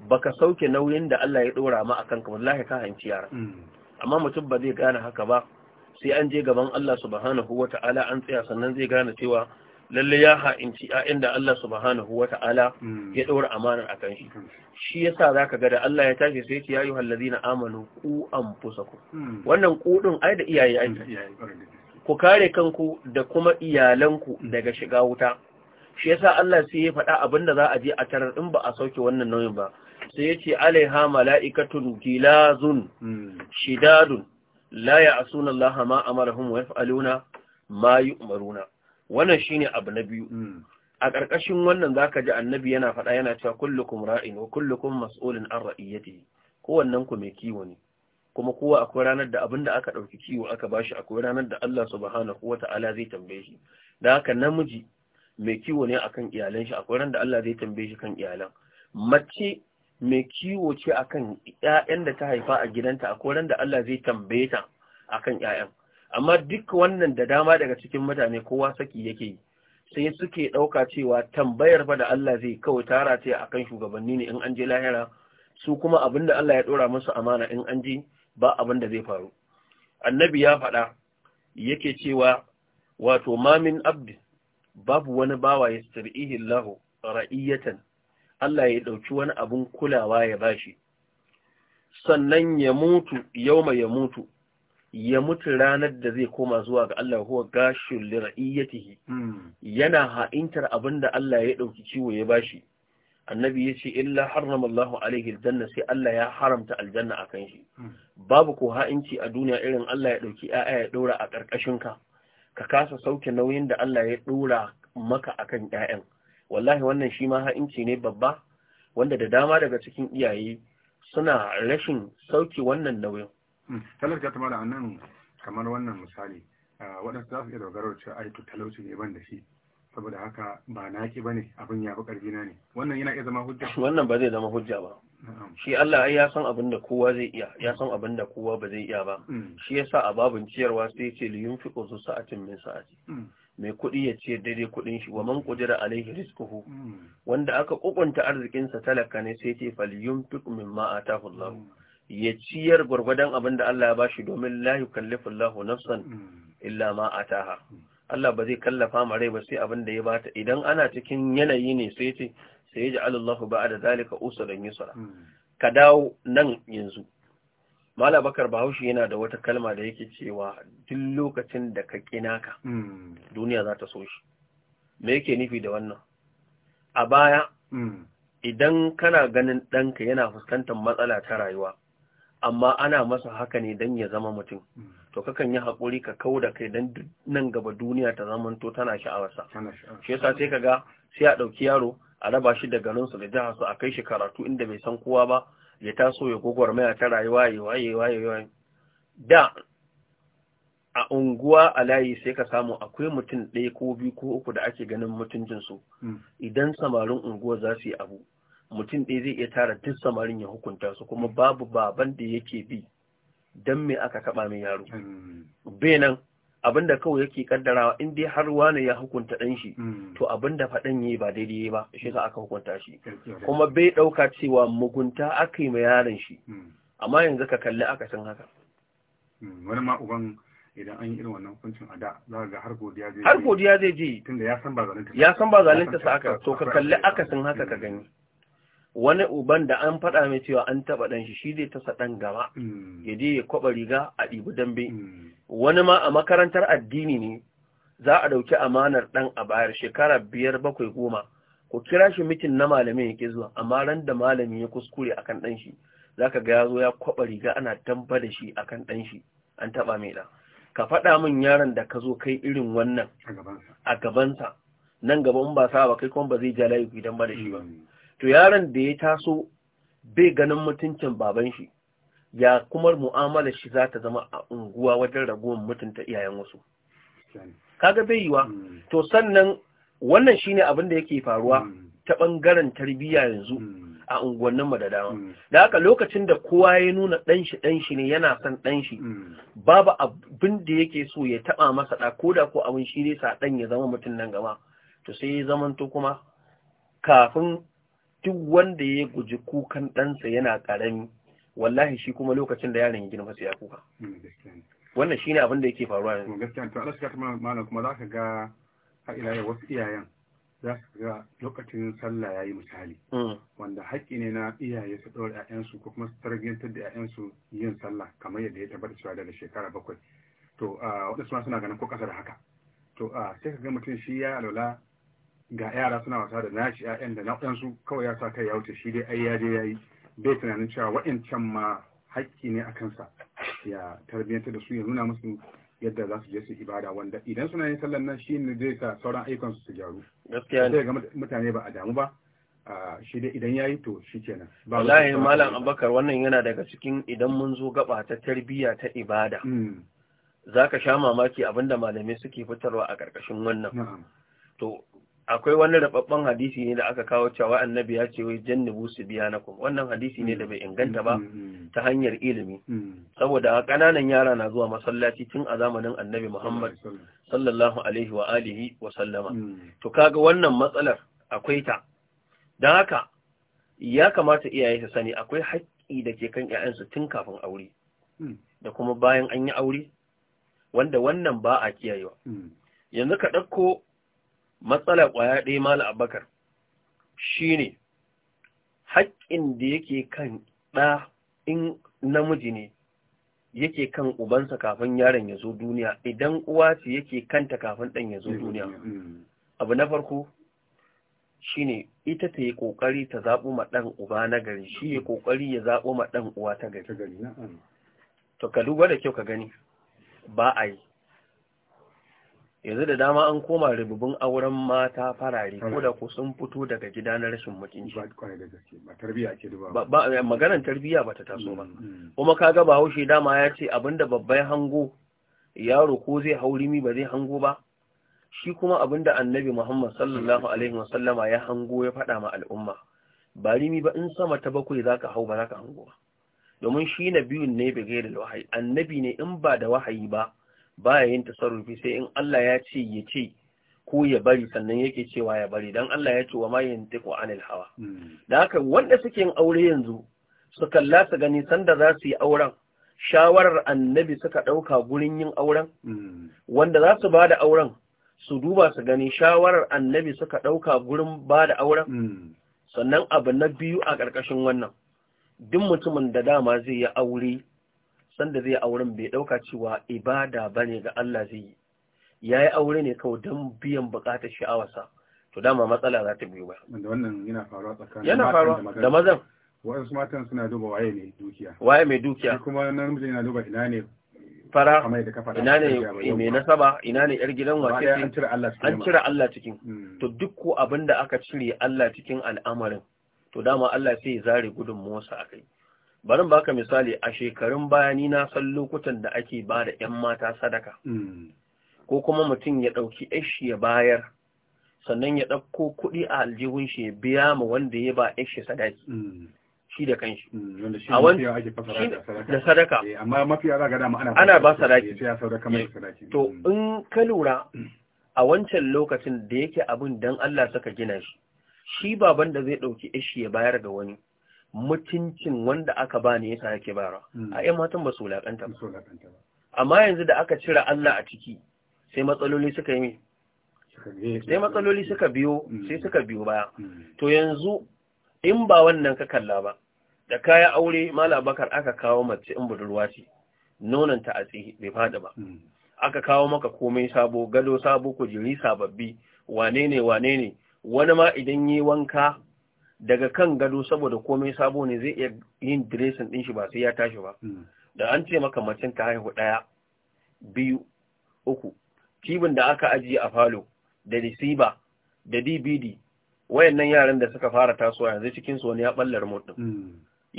Speaker 2: baka sauke nauyin da Allah ya dora ma akan ka wallahi ka hanci yara hmm. amma mutum ba zai gane haka ba sai an je gaban Allah subhanahu wata'ala an tsaya sannan zai gane cewa lalle ya ha'inci ‘ya'yan da Allah subhanahu wa ta'ala hmm. ya ɗaura amanar a kan shi. Hmm. Shi ya sa za ka gada Allah ya tashi sai ce ya yi hallazi na amanu ku an fusa ku. Hmm. Wannan kuɗin ai da iyaye ai. Ku kare kanku da kuma iyalanku daga shiga wuta. Shi ya sa Allah sai ya faɗa abin da za a je a tarar in ba a sauke wannan nauyin ba. Sai ya ce alaiha mala'ikatun gilazun shidadun la ya asuna Allah ma amarahum wa yaf'aluna ma yu'maruna. wannan shine abu na biyu hmm. a ƙarƙashin wannan zaka ji annabi yana faɗa yana cewa kullukum ra'in wa kullukum mas'ulun an ra'iyatihi kowannen ku mai kiwo ne kuma kowa akwai ranar da abinda aka ɗauki kiwo aka bashi akwai ranar da Allah subhanahu wata'ala zai tambaye shi da haka namiji mai kiwo ne akan iyalan shi akwai ranar da Allah zai tambaye shi kan iyalan mace mai kiwo ce akan ƴaƴan da ta haifa a gidanta akwai ranar da Allah zai tambaye ta akan ƴaƴan amma duk wannan da dama daga cikin mutane kowa saki yake yi sai suke ɗauka cewa tambayar fa da Allah zai kawai tara ce akan shugabanni ne in an je lahira su kuma abin da Allah ya ɗora musu amana in an je ba abin da zai faru annabi ya faɗa yake cewa wato mamin abdi babu wani bawa ya sir'ihi Allah ra'iyatan Allah ya ɗauki wani abun kulawa ya bashi sannan ya mutu yauma ya mutu ya mutu ranar da zai koma zuwa ga Allah huwa gashul li hmm. yana ha'intar abinda Allah ya ɗauki ciwo ya bashi annabi ya ce illa harrama Allah alaihi aljanna sai Allah ya haramta aljanna akan shi hmm. babu ko ha'inci a duniya irin Allah ya ɗauki aya ya daura a karkashin ka ka kasa sauke nauyin da Allah ya daura maka akan ƴaƴan wallahi wannan shi ma ha'inci ne babba wanda da dama daga cikin iyaye
Speaker 1: suna rashin sauke wannan nauyin Mm. talauci ta mala a nan kamar wannan misali waɗansu za su iya dogaro da cewa ai talauci ne ban da shi saboda haka ba naki bane abin ya fi ƙarfi na ne wannan yana iya zama hujja wannan ba zai zama hujja ba shi
Speaker 2: Allah ai ya san abin da kowa zai iya ya san abin da kowa ba zai iya ba mm. shi yasa a babin ciyarwa sai ce li yunfiqu zu sa'atin min sa'ati mm. mai kuɗi ya ce daidai kuɗin shi wa man qudira alaihi rizquhu wanda aka kokunta arzikin sa talaka ne sai ce fal yunfiqu mimma ataahu Allah ya ciyar gwargwadon abin da Allah ya bashi domin la yukallifu Allahu nafsan mm. illa ma ataha Allah ba zai kallafa ma rai ba sai abin da ya bata idan ana cikin yanayi ne sai ce sai ya ji Allahu ba'da zalika usran yusra mm. ka dawo nan yanzu Mala Bakar Bahaushe yana da wata kalma da yake cewa duk lokacin da ka kina ka mm. duniya za ta so shi me yake nufi da wannan a baya idan kana ganin ɗanka yana fuskantar matsala ta rayuwa amma ana masa haka ne don ya zama mutum hmm. to kakan yi haƙuri ka kawo da kai don nan gaba duniya ta zamanto tana sha'awarsa shi yasa sai ka ga sai a ɗauki yaro a raba shi da garin su da jiha su a kai shi karatu inda bai san kowa ba ya taso ya maya ta rayuwa ya waye waye waye da a unguwa a layi sai ka samu akwai mutum ɗaya ko biyu ko uku da ake ganin mutuncinsu hmm. idan samarin unguwa za su yi abu mutum ɗaya zai iya tara duk samarin ya hukunta su kuma babu baban da yake bi don me aka taɓa min yaro hmm. benan abinda kawai yake kaddarawa in dai har wani ya hukunta ɗan shi hmm. to abinda faɗan yi ba daidai ba shi za aka hukunta shi kuma bai ɗauka cewa mugunta aka yi ma
Speaker 1: yaron shi hmm. amma yanzu ka kalli aka san haka wani ma uban idan an yi irin wannan hukuncin a da za ga har godiya zai har godiya zai je tunda ya san ba zalunta ya san ba zalunta sa aka to ka kalli
Speaker 2: aka san haka ka gani wani uban da an faɗa mai cewa an taɓa ɗan shi shi zai tasa ɗan gaba mm. ya je ya kwaɓa riga a ɗibu dambe mm. wani ma a makarantar addini ne za a ɗauki amanar ɗan a bayar shekara biyar bakwai goma ku kira shi mitin na malamin yake zuwa amma ran da malami ya kuskure akan ɗan shi za ka ga ya zo ya kwaɓa riga ana damba da shi akan ɗan shi an taɓa mai ɗa ka faɗa min yaron da ka zo kai irin wannan a gabansa nan gaba in ba sa ba kai kuma ba zai ja layi idan ba da shi ba mm. to yaron da ya taso bai ganin mutuncin baban shi ya kuma mu'amalar shi za ta zama a unguwa wajen ragowar mutunta iyayen wasu kaga bai yiwa hmm. to sannan wannan shine abin da yake faruwa hmm. ta bangaren tarbiyya yanzu hmm. a unguwannin mu da dama da haka lokacin da kowa ya nuna dan shi dan shi ne yana son dan shi babu abin da yake so ya taba masa da koda ko abin shi ne sa dan ya zama mutun nan gaba to sai ya zamanto kuma kafin duk wanda ya guji kukan ɗansa yana ƙarami wallahi shi kuma lokacin da yaron ya girma sai ya kuka hmm, wannan shine abin da
Speaker 1: yake faruwa yanzu hmm, gaskiya to Allah ta kuma malam kuma zaka ga har ila yau wasu iyayen za su ga lokacin sallah yayi misali hmm. wanda haƙƙi ne na iyaye su ɗora ƴaƴansu ko kuma su tarbiyantar da ƴaƴansu yin sallah kamar yadda ya tabbata cewa daga shekara bakwai to ah, waɗansu ma suna ganin ko ƙasa da haka to ah, sai ka ga mutum shi ya alwala ga yara suna wasa da nashi ya'yan da na ɗansu kawai ya sa kai ya wuce shi dai ai ya je ya yi bai tunanin cewa waɗancan ma haƙƙi ne a kansa ya tarbiyyanta da su ya nuna musu yadda za su je su ibada wanda idan suna yin sallan nan shi ne zai sa sauran ayyukan su gyaru gaskiya ne ga mutane ba a damu ba shi dai idan ya yi to shi kenan wallahi malam
Speaker 2: abakar wannan yana daga cikin idan mun zo gaba ta tarbiyya ta ibada hmm. zaka sha mamaki abinda malamai suke fitarwa a ƙarƙashin wannan to akwai wani rababban hadisi ne da aka kawo cewa annabi ya ce wai jannabu su biya na wannan hadisi ne da bai inganta ba mm, mm, mm. ta hanyar ilimi saboda kananan yara na zuwa masallaci tun a zamanin annabi muhammad sallallahu alaihi wa alihi wa sallama to kaga wannan matsalar akwai ta don haka ya kamata iyaye su sani akwai haƙƙi da ke kan su tun kafin aure da kuma bayan an yi aure wanda wannan ba a kiyayewa yanzu ka ɗauko matsala ƙwaya ɗaya mala abakar shi ne haƙƙin da yake kan ɗa in namiji ne yake kan ubansa kafin yaron ya zo duniya idan uwa ce yake kanta kafin ɗan ya zo mm-hmm. duniya mm-hmm. abu na farko shi ne ita ta yi ƙoƙari ta zaɓo ma ɗan uba na gari shi ya ƙoƙari ya zaɓo ma ɗan uwa ta gari to ka da kyau ka gani ba a yi yanzu da dama an koma ribubin auren mata farare ko da ku sun fito daga gida na rashin mutunci eh, maganar tarbiyya ba ta taso ba mm, mm. kuma kaga ba haushe dama ya ce abinda babban hango yaro ko zai mi ba zai hango ba shi kuma abinda annabi Muhammad sallallahu alaihi wasallama ya hango ya faɗa ma al'umma ba rimi ba in sama ta bakwai zaka hau ba zaka hango ba domin shi nabiyun ne bai da wahayi annabi ne in ba da wahayi ba baya yin tasarrufi sai in Allah ya ce ya ce ko ya bari sannan yake cewa ya bari dan Allah ya ce wa ma yantiqu anil hawa hmm. da haka wanda suke yin aure yanzu su kalla su gani sanda za su yi auren shawarar annabi suka dauka gurin yin auren hmm. wanda za su bada auren su duba su gani shawarar annabi suka dauka gurin bada auren hmm. sannan abu na biyu a ƙarƙashin wannan duk mutumin da dama zai yi aure sanda zai auren bai ɗauka cewa ibada bane ga Allah zai yi, ya yi aure ne kawai don biyan buƙatar sha'awarsa, to dama matsala za ta biyo ba.
Speaker 1: Wanda wannan yana faruwa tsakanin yana faruwa da mazan. Waɗansu matan suna duba waye mai dukiya. Waye mai dukiya. Kuma namiji yana duba ina ne fara ina ne mai
Speaker 2: nasaba ina ne yar gidan wace an
Speaker 1: cire Allah cikin hmm. to duk ko
Speaker 2: abinda aka cire Allah cikin al'amarin to dama Allah sai ya zare gudun Musa akai barin baka misali a shekarun baya ni na san lokutan da ake ba da 'yan mata sadaka mm. ko kuma mutum ya ɗauki shi ya bayar sannan ya ɗauko kuɗi a aljihun shi ya biya ma wanda ya ba shi sadaki mm. shi da kanshi mm, a wani da
Speaker 1: sadaka eh, amma mafi yara ga dama ana ba
Speaker 2: eh, sadaki to in ka lura a wancan lokacin da yake abin don Allah saka gina shi shi baban da zai ɗauki ashi ya bayar ga wani mutuncin wanda aka ba ne yasa yake bara hmm. a ƴan matan ba su wulaƙanta ba amma yanzu da aka cire Allah a ciki sai matsaloli suka yi sai matsaloli suka biyo hmm. sai suka biyo baya hmm. to yanzu in ba wannan ka kalla ba da kaya aure mala bakar aka kawo mace in budurwa ce nonon ta a tsihi bai fada ba aka kawo maka komai sabo gado sabo kujeri sababbi wane ne wani ma idan yi wanka daga kan gado saboda komai sabo ne zai iya yin dressing din shi ba sai ya tashi ba hmm. da an ce maka macen ta haihu daya biyu uku kibin da aka ajiye a falo da receiver da dvd wayannan yaran da suka fara tasowa yanzu cikin su wani ya balla remote din hmm.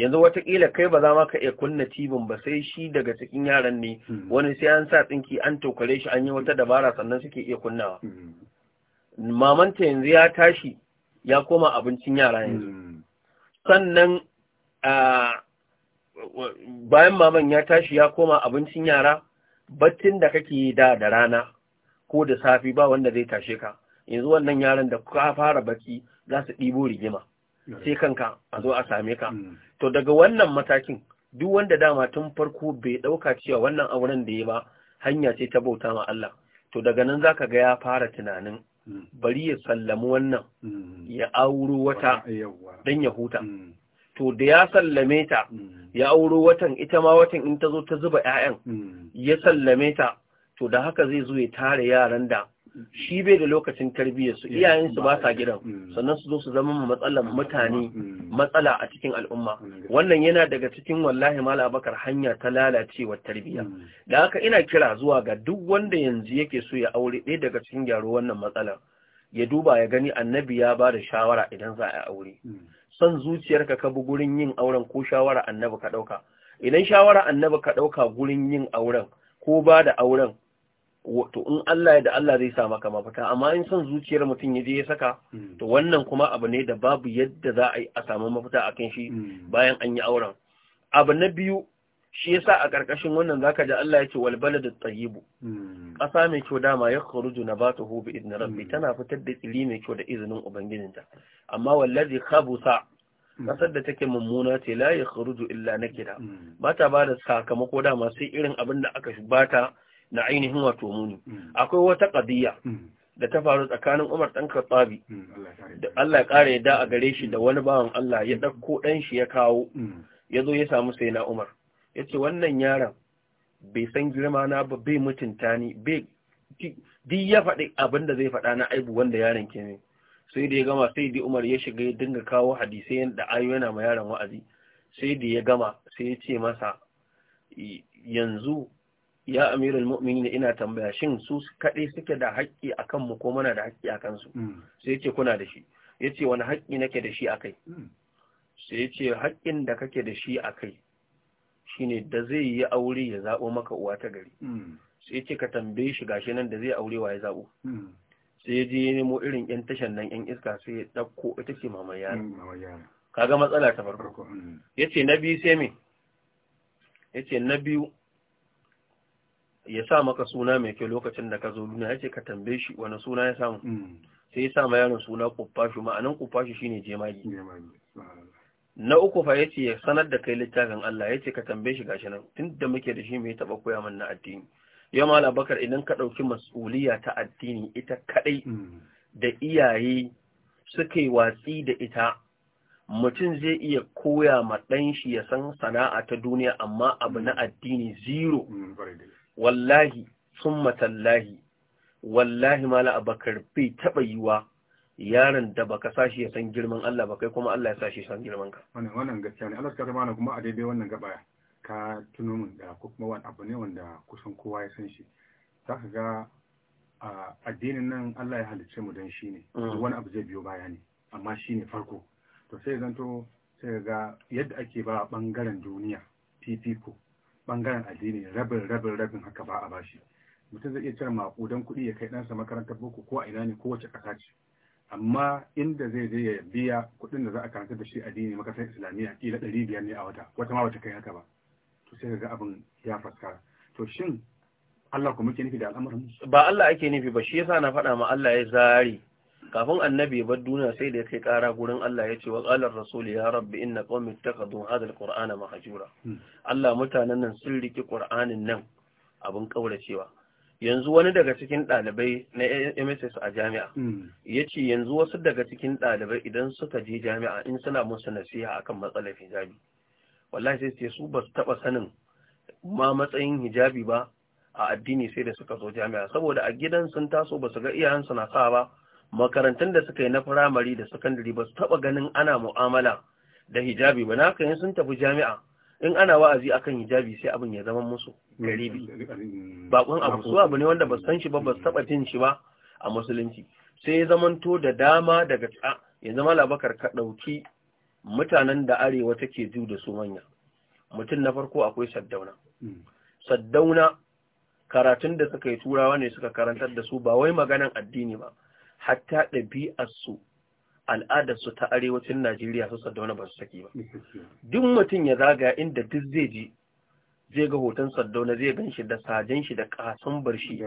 Speaker 2: yanzu watakila kai ba za ma ka iya kunna tibin ba sai shi daga cikin yaran ne hmm. wani sai an sa tsinki an tokare shi an yi wata dabara sannan suke iya kunnawa mamanta yanzu ya tashi ya koma abincin yara yanzu sannan bayan maman ya tashi ya koma abincin yara baccin da kake da da rana ko da safi ba wanda zai tashe ka yanzu wannan yaran da ka fara baki za su ɗibo rigima sai kanka a zo a same ka mm. to daga wannan matakin duk wanda dama tun farko bai ɗauka cewa wannan auren da ya ba hanya ce ta bauta ma Allah to daga nan za ka ga ya fara tunanin Mm. bari ya sallami wannan mm. ya auro wata don ya huta mm. to da ya sallame ta ya auro watan ita ma watan in ta zo ta zuba 'ya'yan ya sallame ta to da haka zai zo ya tare yaran da shi bai da lokacin tarbiyyar su iyayen su ba sa gidan mm. sannan su zo su zama matsalar mm. mutane mm. matsala a cikin al'umma wannan yana daga cikin wallahi mala abakar hanya ta lalacewar tarbiyya da haka ina kira zuwa ga duk wanda yanzu yake so ya aure ɗaya daga cikin gyaro wannan matsalar ya duba ya gani annabi ya ba da shawara idan za a aure son zuciyarka ka bi gurin yin auren ko shawara annabi ka ɗauka idan shawara annabi ka ɗauka gurin yin auren ko ba da auren to in Allah ya da Allah zai sa maka mafita amma in son zuciyar mutum ya je ya saka hmm. to wannan kuma abu ne da babu yadda za a yi a samu mafita a kan shi hmm. bayan an yi auren abu na biyu shi yasa a ƙarƙashin wannan zaka ji Allah ya ce wal baladu tayyibu hmm. ƙasa mai kyau dama ya kharuju nabatuhu bi idni rabbi tana fitar da tsili mai kyau da izinin ubangijinta amma wallazi khabusa ƙasar da take mummuna ce la ya kharuju illa nakira ba ta ba da sakamako dama sai irin abin da aka bata na ainihin wato muni mm. akwai wata kadiya mm. da ta faru tsakanin Umar dan Khattabi da mm, Allah ya kare da a gare shi da wani bawan Allah ya dauko dan shi ya kawo zo ya samu Saina Umar yace wannan yaron bai san girma na ba bai mutunta ni bai duk ya faɗi abinda zai faɗa na aibu wanda yaron ke ne sai da ya gama sai da umar ya shiga ya dinga kawo hadisai da ayo yana ma yaron wa'azi sai da ya gama sai ya ce masa yanzu ya amirul mu'minin ina tambaya shin su kaɗai suke da haƙƙi a kanmu ko muna da haƙƙi a kansu mm. sai yace kuna da shi yace wani haƙƙi nake da shi akai mm. sai yace haƙƙin da kake da shi akai shine da zai yi aure ya zabo maka uwa ta gari mm. sai yace ka tambaye shi gashi nan da zai aure wa ya zabo sai je ya nemo irin yan tashan nan yan iska sai ya ɗauko ita ce kaga matsala ta farko yace na sai me yace na biyu ya sa maka suna mai kyau lokacin da ka zo duniya ya ce ka tambaye shi wani suna ya samu mm. sai ya sa ma yaron suna kuffashi ma'anin kuffashi shine jemagi na uku fa yace ya sanar da kai littafin Allah yace ka tambaye shi gashi nan tunda muke da shi mu yi taba koya min na addini ya abakar idan ka dauki mas'uliya ta addini ita kadai mm. da iyaye suka yi watsi da ita mutum zai iya koya ma dan shi ya san sana'a ta duniya amma abu na mm. addini zero wallahi sun matallahi wallahi mala abakar bai yi wa yaron
Speaker 1: da baka sashi ya san girman Allah ba kai kuma Allah ya sashi san girman ka wannan wannan gaskiya ne Allah ka zama kuma a daidai wannan gaba ka tuno min da ko kuma wani abu ne wanda kusan kowa ya san shi ka ga addinin nan Allah ya halicce mu don shi ne mm. wani abu zai biyo baya ne amma shi ne farko to sai zanto sai ga yadda ake ba ɓangaren duniya fifiko bangaren addini rabin rabin rabin haka ba a bashi mutum zai iya cire makudan kuɗi ya kai ɗansa makarantar boko ko a ina ne ko wace ƙasa ce amma inda zai je ya biya kuɗin da za a karanta da shi addini makasar islamiyya kila ɗari biyar ne a wata wata ma wata kai haka ba to sai ga abin ya faskara to shin Allah ku muke nufi da al'amuran.
Speaker 2: ba Allah ake nufi ba shi yasa na faɗa ma Allah ya zari kafin annabi bar duniya sai da ya kai kara gurin Allah ya ce wa qalar rasul ya rabbi inna qaumi ittakhadhu hadha alqur'ana mahjura hmm. Allah mutanen nan sun riki qur'anin nan abin kauracewa yanzu wani daga cikin ɗalibai na MSS a jami'a hmm. ya ce yanzu wasu daga cikin ɗalibai idan suka je jami'a in suna musu nasiha akan matsalar hijabi wallahi sai ce su ba su taɓa sanin ma matsayin hijabi ba a addini sai da suka zo jami'a saboda a gidan sun taso ba su ga iyayensu na sa ba makarantun da suka yi na firamare da sakandare ba su taɓa ganin ana mu'amala da hijabi ba na kan sun tafi jami'a in ana wa'azi akan hijabi sai abin ya zama musu garibi bakon abu su abu ne wanda ba san shi ba ba su taɓa jin shi ba a musulunci sai ya zamanto da dama daga tsa ya zama labakar ka ɗauki mutanen da arewa take ju da su manya mutum na farko akwai saddauna saddauna karatun da suka yi turawa ne suka karantar da su ba wai maganan addini ba hatta ɗabi'arsu al'adarsu ta arewacin Najeriya su Sardauna ba su saki ba. Duk mutum ya zaga inda duk zai ji zai ga hoton na zai gan da sajen shi da kasan barshi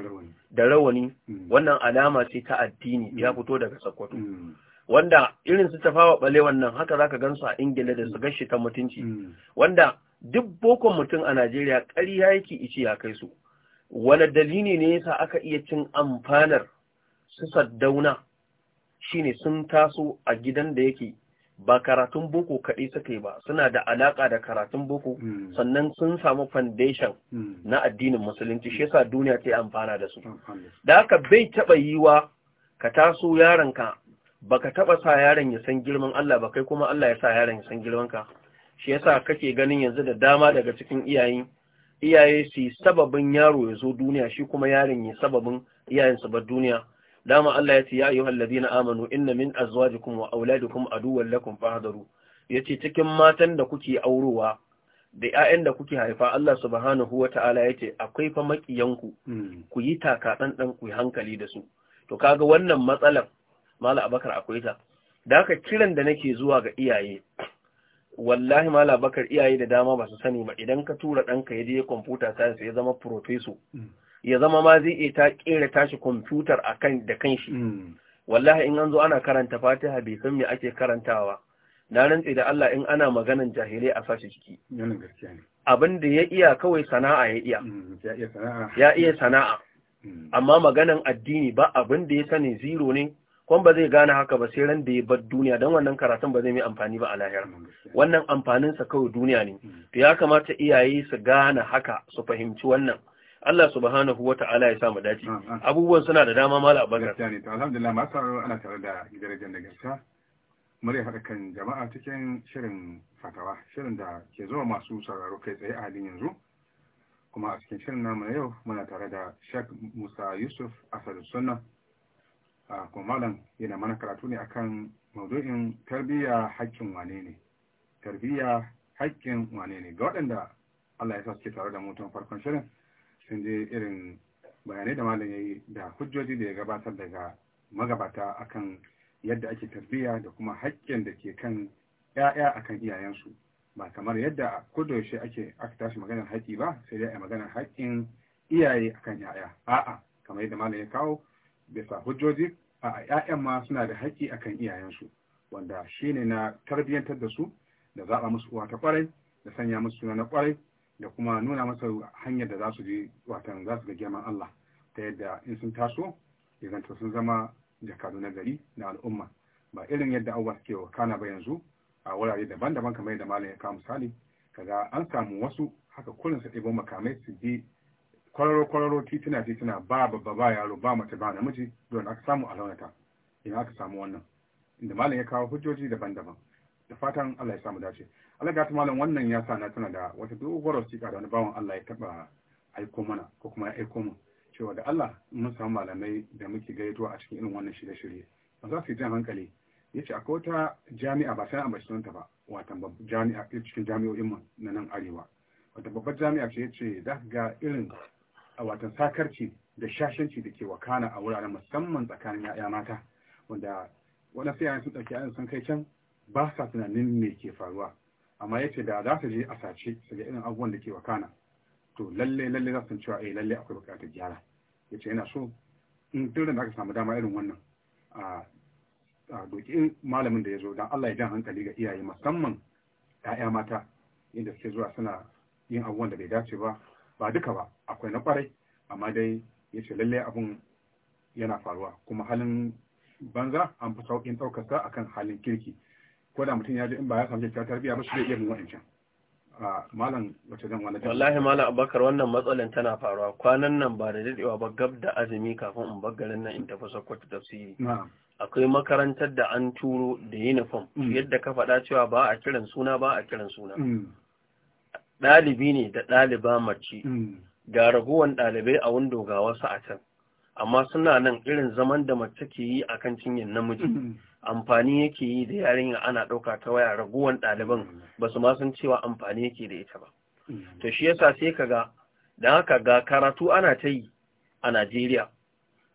Speaker 2: da rawani hmm. wannan alama ce ta addini ya hmm. fito daga Sokoto. Hmm. Wanda irin su tafawa bale wannan haka zaka gan su a Ingila da su gashi ta mutunci. Wanda duk bokon mutum a Najeriya ƙarya yake ice ya kai su. Wani dalili ne yasa aka iya cin amfanar su saddauna shine sun taso a gidan da yake ba karatun boko kaɗai suka yi ba suna da alaƙa da karatun boko hmm. sannan sun samu foundation hmm. na addinin musulunci shi yasa duniya ta yi amfana da su da haka bai taɓa yiwa ka taso yaronka ka taɓa sa yaron ya san girman Allah ba kai kuma Allah ya sa yaron ya san girman ka shi yasa kake ganin yanzu da dama daga cikin iyaye iyaye su sababin yaro ya zo duniya shi kuma yaron ya sababin iyayen su bar duniya dama Allah ya ce ya ayyuhal ladina amanu inna min azwajikum wa auladikum aduwwan lakum fahdaru yace cikin matan da kuke aurowa da ƴaƴan da kuke haifa Allah subhanahu wata'ala yace akwai fa makiyanku hmm. ku yi taka dan ku hankali da su to kaga wannan matsalar mala abakar akwai ta da ka kiran da nake zuwa ga iyaye wallahi mala Abakar iyaye da dama ba su sani ba idan ka tura danka ya je kwamfuta science ya zama professor hmm. ya zama ma zai iya kera tashi kwamfutar a kan da kan shi hmm. wallahi in an zo ana karanta fatiha bai san me ake karantawa na rantse da Allah in ana maganan jahilai a sashi ciki abin da ya iya kawai sana'a ya iya hmm, ya iya sana'a hmm. amma maganan addini ba abin da ya sani zero ne kwan ba zai gane haka ba sai ran da ya bar duniya don wannan karatun ba zai mai amfani ba a lahiyar. wannan amfaninsa kawai duniya ne to ya kamata iyaye su gane haka su fahimci wannan Allah subhanahu wa ta'ala ya sa
Speaker 1: mu dace abubuwan suna da dama mala to alhamdulillah ma sa ana tare da gidajen da gaskiya murya haɗa kan jama'a cikin shirin fatawa shirin da ke zuwa masu sauraro kai tsaye a halin yanzu kuma a cikin shirin namu yau muna tare da Sheikh Musa Yusuf Asadu Sunna kuma malam yana mana karatu ne akan maudu'in tarbiyya haƙƙin wane ne tarbiyya haƙƙin wane ne ga waɗanda Allah ya sa suke tare da mutum farkon shirin sun je irin bayanai da malam ya yi da hujjoji da ya gabatar daga magabata akan yadda ake tarbiyya da kuma haƙƙin da ke kan ‘ya'ya akan iyayensu ba kamar yadda a yaushe ake aka tashi maganar haƙƙi ba sai dai a maganar haƙƙin iyaye kan ‘ya'ya a'a kamar yadda malam ya kawo bisa hujjoji A'a, ‘ya'yan ma suna da haƙƙi akan iyayensu wanda shine na tarbiyyantar da su da zaɓa musu uwa ta ƙwarai, da sanya musu suna na kwarai da kuma nuna masa hanyar da za su je watan za su ga girman Allah ta yadda in sun taso yanzu sun zama jakadu na gari na al'umma ba irin yadda abubuwa suke kana ba yanzu a wurare daban-daban kamar yadda malam ya kawo misali kaga an samu wasu haka kullum su ɗibo makamai su bi kwararo-kwararo tituna tituna ba babba ba yaro ba mace ba namiji don aka samu a launata ina aka samu wannan inda malam ya kawo hujjoji daban-daban da fatan Allah ya samu dace ta malam wannan ya sa na tuna da wata doguwar wasiƙa da wani bawan Allah ya taɓa aiko mana ko kuma ya aiko mu cewa da Allah mun samu malamai da muke gaito a cikin irin wannan shirye-shirye ba za su yi jan hankali ya ce akwai wata jami'a ba sai an bashi sunanta ba wata jami'a eh, cikin jami'o'in mu na nan arewa wata babbar jami'a ce ya ce za ga irin a watan sakarci da shashanci da ke wakana a wuraren musamman tsakanin ya'ya mata wanda wani yayin sun ɗauki a'yan sun kai can ba sa tunanin me ke faruwa amma yace da za su je a sace su ga irin abubuwan da ke wakana to lalle lalle za su cewa eh lalle akwai bukatar gyara yace yana so in duk da aka samu dama irin wannan a doki malamin da ya zo dan Allah ya jan hankali ga iyaye musamman ‘ya'ya mata inda suke zuwa suna yin abubuwan da bai dace ba ba duka ba akwai na kwarai amma dai yace ce lallai abun yana faruwa kuma halin banza an fi sauƙin a akan halin kirki ko da mutum ya ji in ba ya samu kyakkyawar tarbiyya ba shi zai iya bin wa'ancan malam wace zan wani wallahi
Speaker 2: malam abakar wannan matsalar tana faruwa kwanan nan ba da daɗewa ba gab da azumi kafin in baggarin nan in tafi sakkwato tafsiri akwai makarantar da an turo da uniform mm. yadda ka faɗa cewa ba a kiran suna ba a kiran suna mm. ɗalibi ne da ɗaliba mace mm. ga ragowar ɗalibai a wando ga wasu a can amma suna nan irin zaman da mace ke yi a kan cinyin namiji mm-hmm. amfani yake yi da yarinya ana ɗauka ta waya raguwan ɗaliban mm-hmm. ba su san cewa amfani yake da ita ba mm-hmm. to shi yasa sai ka ga don haka ga karatu ana ta yi a Najeriya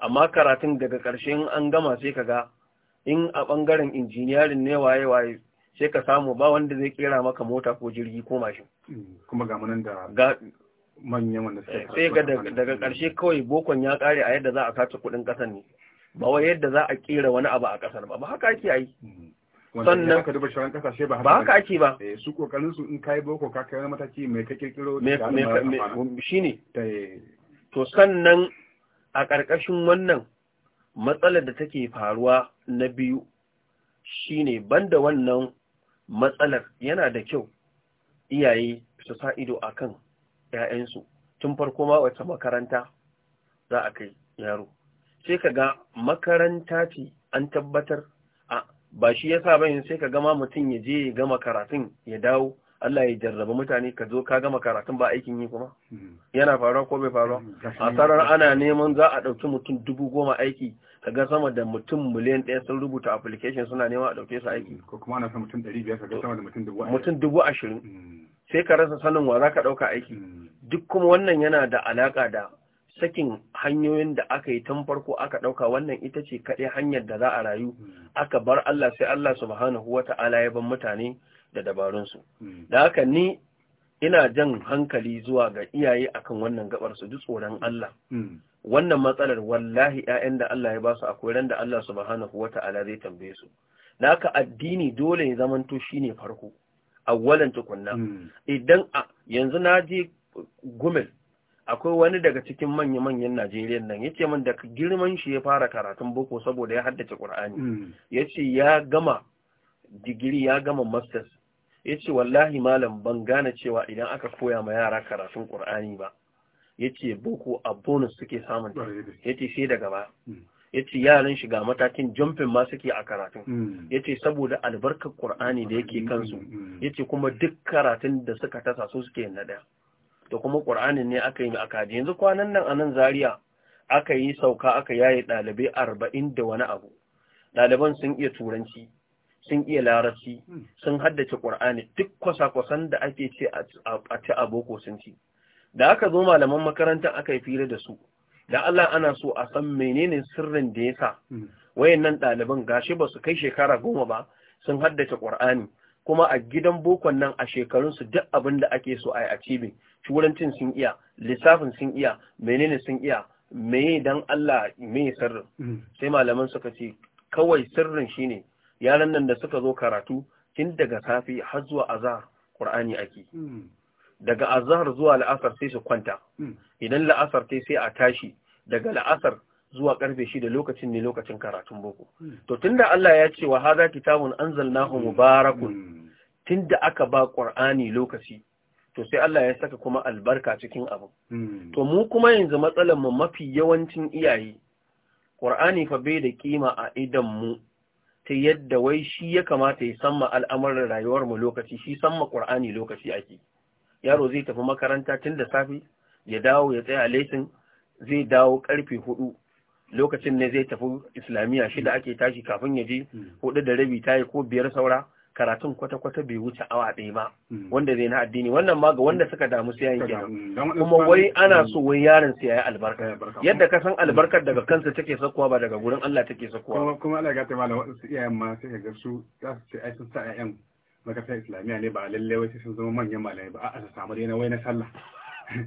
Speaker 2: amma karatun daga ƙarshen an gama sai ka ga in a ɓangaren injiniyarin ne waye-waye sai ka samu ba wanda zai kera maka mota ko jirgi ko mashin
Speaker 1: kuma ga manyan wanda suka eh, sai ga
Speaker 2: daga ƙarshe kawai bokon ya ƙare a yadda za a sace kuɗin ƙasar ne ba wai yadda za a ƙera wani abu a ƙasar ba ba haka ake yi
Speaker 1: mm-hmm. sannan ka duba shirin kasashe ba haka ake ba eh, su kokarin su in kai boko ka kai wani mataki mai ka kirkiro me
Speaker 2: um, shine eh. to sannan a ƙarƙashin wannan matsalar da take faruwa na biyu shine banda wannan matsalar yana da kyau iyaye su sa ido akan ‘ya'yansu tun farko ma wata makaranta za a kai yaro sai ka ga makaranta ce an tabbatar a ba shi ya sa bayan sai ka gama mutum ya je ya gama karatun ya dawo Allah ya jarraba mutane ka zo ka gama karatun ba aikin yi kuma hmm. yana faruwa ko bai faruwa
Speaker 3: hmm, a tsarar ana
Speaker 2: neman za a ɗauki mutum dubu goma aiki ka ga sama da mutum miliyan ɗaya sun rubuta application suna neman a ɗauke su aiki hmm, ko kuma ana sa mutum ɗari biyar ka ga sama da mutum dubu ashirin mutum dubu ashirin sai ka rasa sanin wa za ka ɗauka aiki hmm. duk kuma wannan yana da alaƙa da sakin hanyoyin da aka yi tun farko aka ɗauka wannan ita ce kaɗai hanyar da za a rayu hmm. aka bar Allah sai Allah subhanahu wa ta'ala ya ban mutane da dabarunsu hmm. da haka ni ina jan hankali zuwa ga iyaye akan wannan gabar su ji tsoron Allah wannan matsalar wallahi ƴaƴan da Allah ya ba su akwai ran da Allah subhanahu wa ta'ala zai tambaye su da haka addini dole ya zamanto shine farko awwalan tukunna hmm. idan yanzu na je gumel akwai wani daga cikin manya-manyan Najeriya nan yace min da girman shi ya fara karatun boko saboda ya haddace Qur'ani hmm. yace ya gama digiri ya gama masters yace wallahi malam ban gane cewa idan aka koya ma yara karatun Kur'ani ba yace boko a bonus suke samun yace sai daga ba yace yaran shiga matakin jumpin ma suke a karatun. Mm. yace saboda albarkar Qur'ani da yake mm. kansu mm. yace kuma duk karatun da suka tasa su suke na daya da kuma Qur'anin ne aka yi aka yanzu kwanan nan a nan Zaria aka yi sauka aka yaye dalibai arba'in da wani abu daliban sun iya turanci sun iya larabci sun haddace Qur'ani duk kwasa-kwasan da ake ce a ci aboko sun ci da aka zo malaman makarantar aka yi fira da su da Allah ana so a san menene sirrin da ya sa hmm. wayannan ɗaliban gashi ba su kai shekara goma ba sun haddace ƙur'ani kuma a gidan bokon nan a shekarunsu duk abin da ake so a yi a cibin turancin sun iya lissafin sun iya menene sun iya meye dan Allah meye sirrin hmm. sai malaman suka ce kawai sirrin shine yaran nan da suka zo karatu tun daga safi har zuwa azhar Qur'ani ake hmm. daga azhar zuwa la'asar sai su kwanta hmm. idan la'asar tai sai a tashi daga la'asar zuwa karfe da lokacin ne lokacin karatun boko hmm. to tunda Allah ya ce wa hadha kitabun anzalnahu hmm. mubarakun tunda aka ba qur'ani lokaci to sai Allah ya saka kuma albarka cikin abu to mu kuma yanzu matsalar mu mafi yawancin iyaye qur'ani fa bai da kima a idan mu ta yadda wai shi ya kamata ya san al'amuran rayuwar mu lokaci shi san ma qur'ani lokaci ake yaro zai tafi makaranta tun da safe ya dawo ya tsaya lesin zai dawo karfe hudu lokacin ne zai tafi islamiyya shida ake tashi kafin ya je hudu da rabi ta yi ko biyar saura karatun kwata-kwata bai wuce awa ɗaya ba wanda zai na addini wannan ma ga wanda suka damu sai yanke kuma wai ana so wai yaron sai yayi albarka yadda ka san albarkar daga kansa
Speaker 1: take sakuwa ba daga gurin Allah take sakuwa kuma Allah ya gata malam wasu iyayen ma sai ga su za su ce ai sun sa ƴaƴan makarantar islamiyya ne ba lallai wai sun zama manyan malamai ba a su samu dai na wai na sallah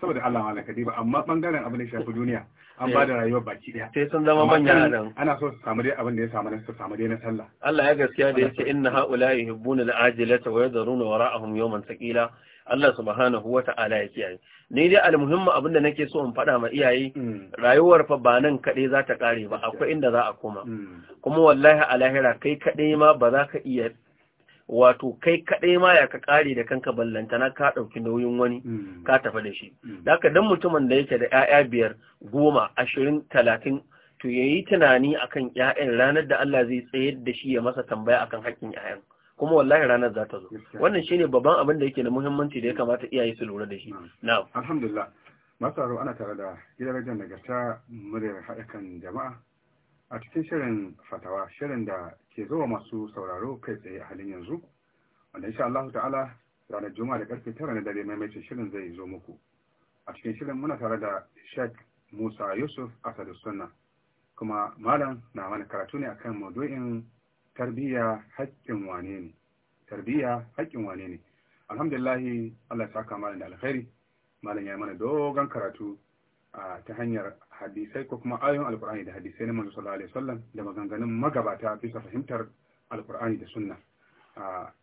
Speaker 1: saboda Allah malam kadiba amma bangaren abin da shafi duniya an ba da eh. rayuwar baki daya sai sun zama manya nan ana so su samu dai abin da ya samu na su samu dai na sallah
Speaker 2: Allah ya gaskiya da yace inna haula yuhibbuna al-ajilata wa yadharuna wara'ahum yawman thaqila Allah subhanahu wa ta'ala ya kiyaye ni dai almuhimmu abin abinda nake so in faɗa ma iyaye hmm. rayuwar fa ba nan kadai za ta ƙare ba akwai inda za a koma hmm. kuma wallahi a lahira kai kadai ma ba za ka iya wato kai kaɗai ma ya ka ƙare da kanka ballantana ka ɗauki nauyin wani mm. ka tafi da shi mm. da haka dan mutumin da yake da 'ya'ya biyar goma ashirin talatin to ya yi tunani akan 'ya'yan ranar da Allah zai tsayar da shi ya masa tambaya akan haƙƙin 'ya'yan kuma wallahi ranar za ta zo wannan shine babban abin da yake da muhimmanci da ya kamata iyaye su lura da shi
Speaker 1: na'am alhamdulillah masu ana tare da gidan rajin ta muryar haɗa kan jama'a a cikin shirin fatawa shirin da ke zuwa masu sauraro kai tsaye a halin yanzu wanda insha Allah ta'ala ranar juma'a da karfe tara na dare maimaitin shirin zai zo muku a cikin shirin muna tare da Sheikh Musa Yusuf Asadu Sunna kuma malam na wani karatu ne akan maudu'in tarbiyya haƙƙin wane ne tarbiyya haƙƙin wane ne alhamdulillah Allah ya saka malam da alkhairi malam ya mana dogon karatu ta hanyar hadisai ko kuma ayoyin alkur'ani da hadisai na manzo sallallahu alaihi wasallam da maganganun magabata bisa fahimtar alkur'ani da sunna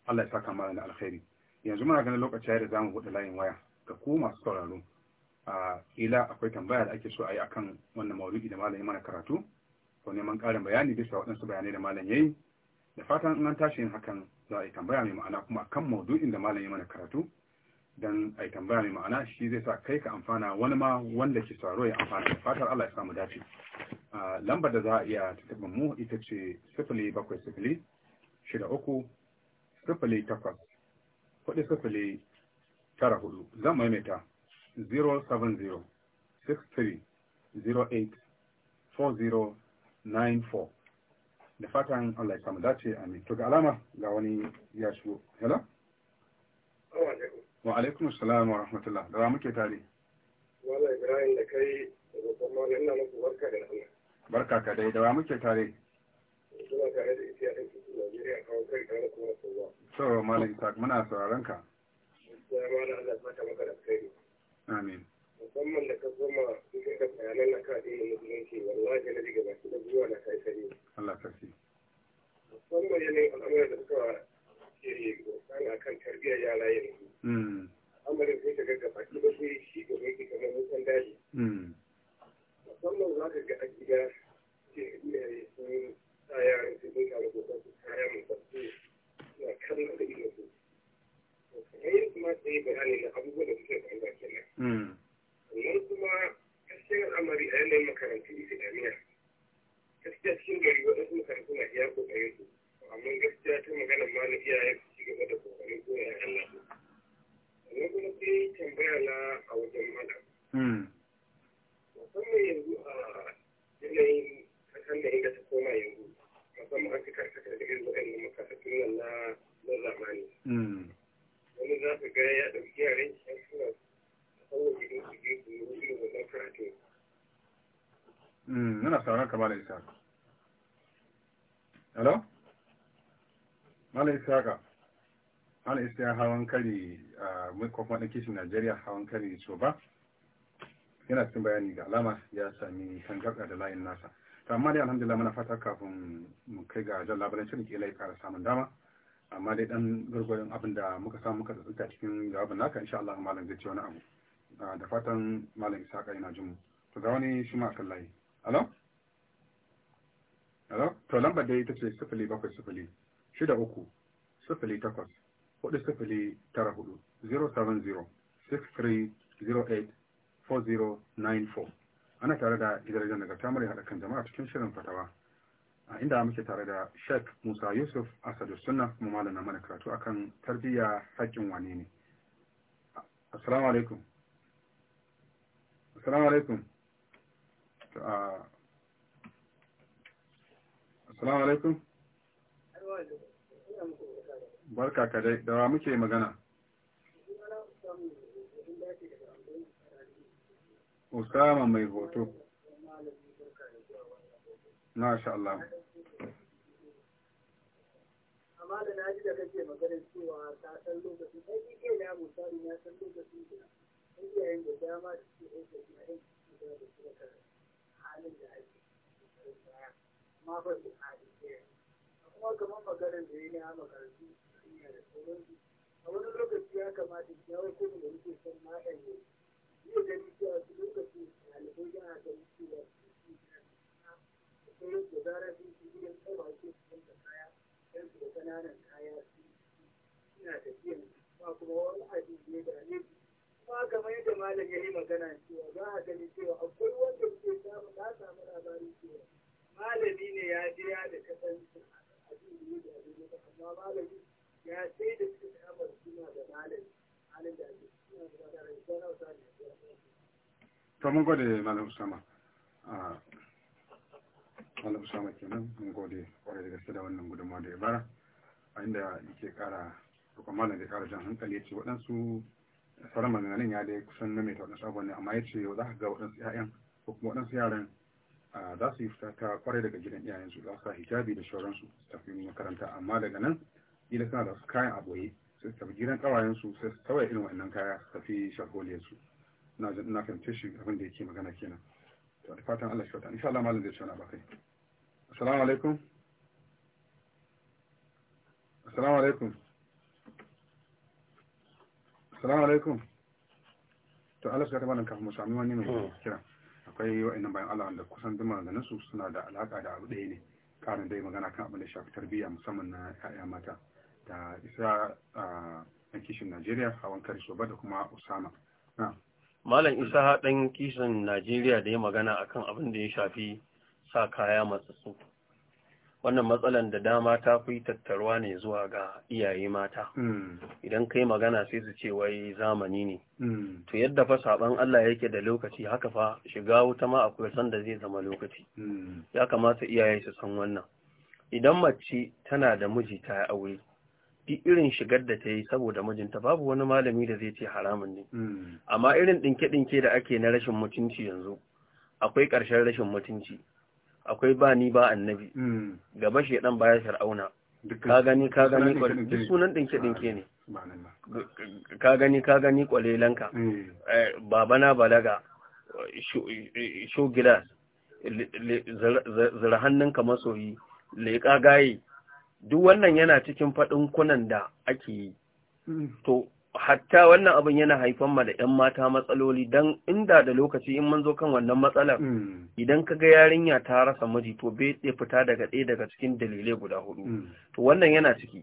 Speaker 1: Allah ya saka mana da alkhairi yanzu muna ganin lokaci da zamu buɗe layin waya ga ku masu sauraro ila akwai tambaya da ake so a yi akan wannan maulidi da malam mana karatu ko neman ƙarin bayani bisa waɗansu bayanai da malam yayi da fatan in an tashi yin hakan za a yi tambaya mai ma'ana kuma akan maudu'in da malam mana karatu dan ai tambaya mai ma'ana shi zai sa kai ka amfana wani ma wanda ke tsaro ya amfana fatar Allah ya samu dace lambar da za a iya tuntuɓin mu ita ce sifili bakwai sifili shida uku sifili takwas kuɗi sifili tara hudu zan maimaita 070 63 08 da fatan Allah ya samu dace amin to ga alama ga wani ya shigo hello wa alaikum salam wa rahmatullah da muke tare
Speaker 4: wala ibrahim da kai da kuma ina muku barka da Allah
Speaker 1: barka ka dai da wa muke tare
Speaker 4: suna tare da ita da cikin Najeriya kawo kai da kuma kowa
Speaker 1: so malam Isaac muna sauraron ka
Speaker 4: ya mana Allah fata maka da kai amin musamman da ka koma cikin da bayanan na ka addinin musulunci wallahi na diga baki da
Speaker 1: isaka an isa hawan kari a kwakwan kishin najeriya hawan kari so ba yana cikin bayani ga alama ya sami tangarɗa da layin nasa ta amma dai alhamdulillah muna fata kafin mu kai ga jan labarin shirin ke ya ƙara samun dama amma dai dan gwargwaron abin da muka samu muka tsatsuta cikin jawabin naka insha Allah malam zai ce wani abu da fatan malam isaka yana jin mu to ga wani shi ma kan layi alo alo to lambar dai ita ce sifili bakwai sifili shida uku sifili takwas hudu sifili tara hudu 070 63 ana tare da gidajen daga tamar haɗa kan jama'a cikin shirin fatawa a inda muke tare da Sheikh Musa Yusuf Asadu Sunna kuma malama mana karatu akan tarbiyya haƙƙin wane ne Assalamu alaikum Assalamu alaikum ah. Assalamu alaikum barka ka dai da muke magana Usama mai hoto
Speaker 5: na sha Allah amma da na ji da kake maganar cewa ta san lokacin sai ni ke da misali na san lokaci da iyayen da dama da su ɗauke da aiki da da su da halin da ake amma ba su halin da kuma kamar maganar da ya ne a a wani lokaci ya kamata da yake son maɗan su lokaci ɗalibai yana da cewa su da kuma da zarar sun su iya tsawa ke cikin kaya don ƙananan kaya su suna ba kuma wani abin ne da malam ya yi magana cewa za a gani cewa akwai wanda ke samu labarin cewa malami ne ya je da kasan abin ne da abin amma ya sai da cikin kamar suna da malam halin da ake suna da wata rayuwa na wata rayuwa
Speaker 1: to mun gode malam usama ah, malam usama kenan mun gode kwarai da gaske da wannan gudunmawa da ibara a inda yake kara rukun malam da kara jan hankali ya ce waɗansu sauran maganganun ya dai kusan na mai ta waɗansu abubuwan amma ya ce za ka ga waɗansu 'ya'yan ko kuma waɗansu yaran ah, za su yi fita ta kwarai daga gidan iyayensu za su sa hijabi da shauransu su tafi makaranta amma daga nan kila suna da kayan aboye sai su tafi gidan kawayen su sai su tawaye irin wannan kaya ka tafi sharholiyar su na fahimce shi abin da yake magana kenan to da fatan Allah shi wata insha Allah malam zai ci wani abakai assalamu alaikum assalamu alaikum assalamu alaikum to Allah shi ta malam kafin mu sami wani mai hmm. kira akwai wa'annan bayan Allah da kusan duk maganganun su suna da alaka da abu ɗaya ne karin dai magana kan abin da shafi tarbiyya musamman na 'ya'ya mata da isa a kishin najeriya hawan kari Soba da kuma usama
Speaker 2: malam isa ɗan kishin najeriya da ya magana akan abin da ya shafi sa kaya matsatsu wannan matsalan da dama ta fi tattaruwa ne zuwa ga iyaye mata mm. idan kai magana sai su ce wai zamani ne mm. to yadda fa saban Allah yake da lokaci haka fa shiga wuta ma akwai sanda zai zama lokaci mm. ya kamata iyaye su san wannan idan mace tana da miji ta yi aure irin shigar da ta yi saboda mijinta babu wani malami da zai ce haramun ne hmm. amma irin ɗinke-ɗinke da ake na rashin mutunci yanzu akwai ƙarshen rashin mutunci akwai ba ni ba annabi hmm. gaba ɗan baya shar'auna ka gani ka gani duk sunan ɗinke-ɗinke ne ka gani ka gani kwalelanka hmm. eh, babana balaga shogilas zira hannunka masoyi leƙa gaye duk wannan yana cikin faɗin kunan da ake yi hmm. to hatta wannan abin yana haifan ma da ‘yan mata matsaloli don inda da lokaci in mun zo kan wannan matsalar hmm. idan ka ga yarinya ta rasa miji to bai fita daga ɗaya daga cikin dalilai guda hudu hmm. to wannan yana ciki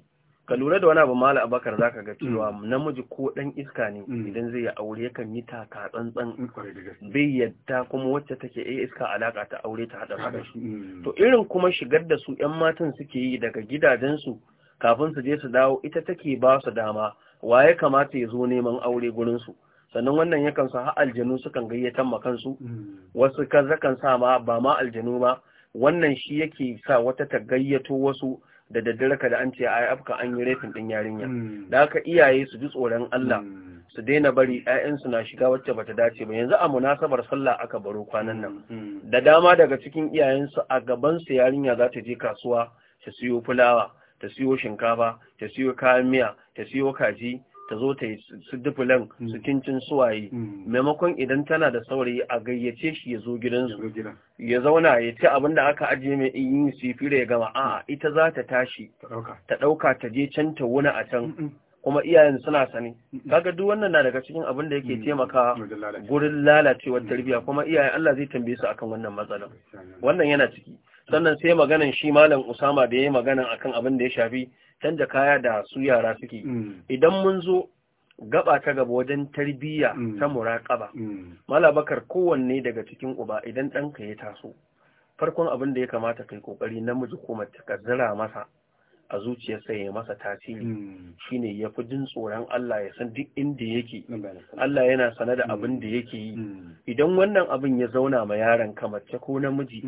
Speaker 2: ka lura da wani abu mala abakar za ka ga mm. cewa namiji ko dan iska ne mm. idan zai yi aure yakan yi taka tsantsan mm, bai yadda kuma wacce take iya iska alaka ta aure ta haɗa da shi to irin kuma shigar da su 'yan matan suke yi daga gidajensu kafin su je su dawo ita take ba su dama ya kamata ya zo neman aure gurin su sannan wannan yakan sa ha' aljanu sukan gayyatan ma kansu wasu kan sa ma ba ma aljanu ba wannan shi yake sa wata ta gayyato wasu da daddare ka da an ce yi afka an yi rafin ɗin yarinya hmm. da aka iyaye su ji tsoron Allah hmm. su daina bari ƴaƴansu na shiga wacce bata dace ba yanzu a munasabar sallah aka baro kwanan nan hmm. da dama daga cikin iyayensu a gaban su yarinya za ta je kasuwa ta siyo fulawa ta siyo shinkafa ta siyo kayan miya ta siyo kaji ta zo ta yi su dufulan su kincin mm. suwaye mm. maimakon idan tana da saurayi a gayyace shi ya zo gidansu ya zauna ya ci abin da aka ajiye mai yin sifira ya gama a mm. ita za ta tashi ta ɗauka ta je can ta wuna a can kuma iyayen suna sani kaga duk wannan na daga cikin abin da yake taimaka gurin lalacewar tarbiyya kuma iyayen Allah zai tambaye su akan wannan matsalar wannan yana ciki sannan sai maganan shi malam usama da ya yi magana akan abin da ya shafi canza kaya da su yara suke mm. idan mun zo gaba ta gaba wajen tarbiyya mm. ta muraƙaba mala mm. bakar kowanne daga cikin uba idan ɗanka ya taso farkon abin da ya kamata kai ƙoƙari namiji kuma mace ka masa a zuciyarsa ya masa tasiri hmm. shine ya fi jin tsoron Allah ya san duk inda yake Allah yana sane da abin da hmm. yake yi hmm. idan wannan abin ya zauna ma yaron kamace ko namiji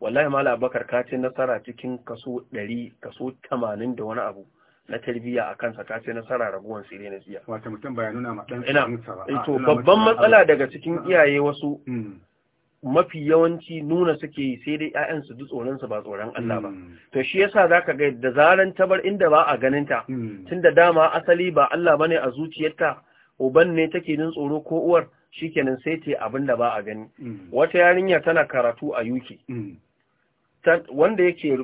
Speaker 2: wallahi mala abakar ka ce nasara cikin kaso ɗari kaso tamanin da wani abu na tarbiyya a kansa ka ce nasara raguwan sire na jiya. wata mutum ba nuna ma ɗan ina eh ah, to babban matsala daga cikin ah. iyaye wasu mafi yawanci nuna suke yi sai dai ‘ya'yan su tsoronsu ba tsoron Allah ba. Hmm. To shi yasa za ka ga da zaran ta bar inda ba a ganinta, hmm. tun da dama asali ba Allah ba ne a zuciyarta, uban ne take jin tsoro ko uwar shi sai ta abin da ba a gani. Hmm. Wata yarinya tana karatu a UK. Wanda yake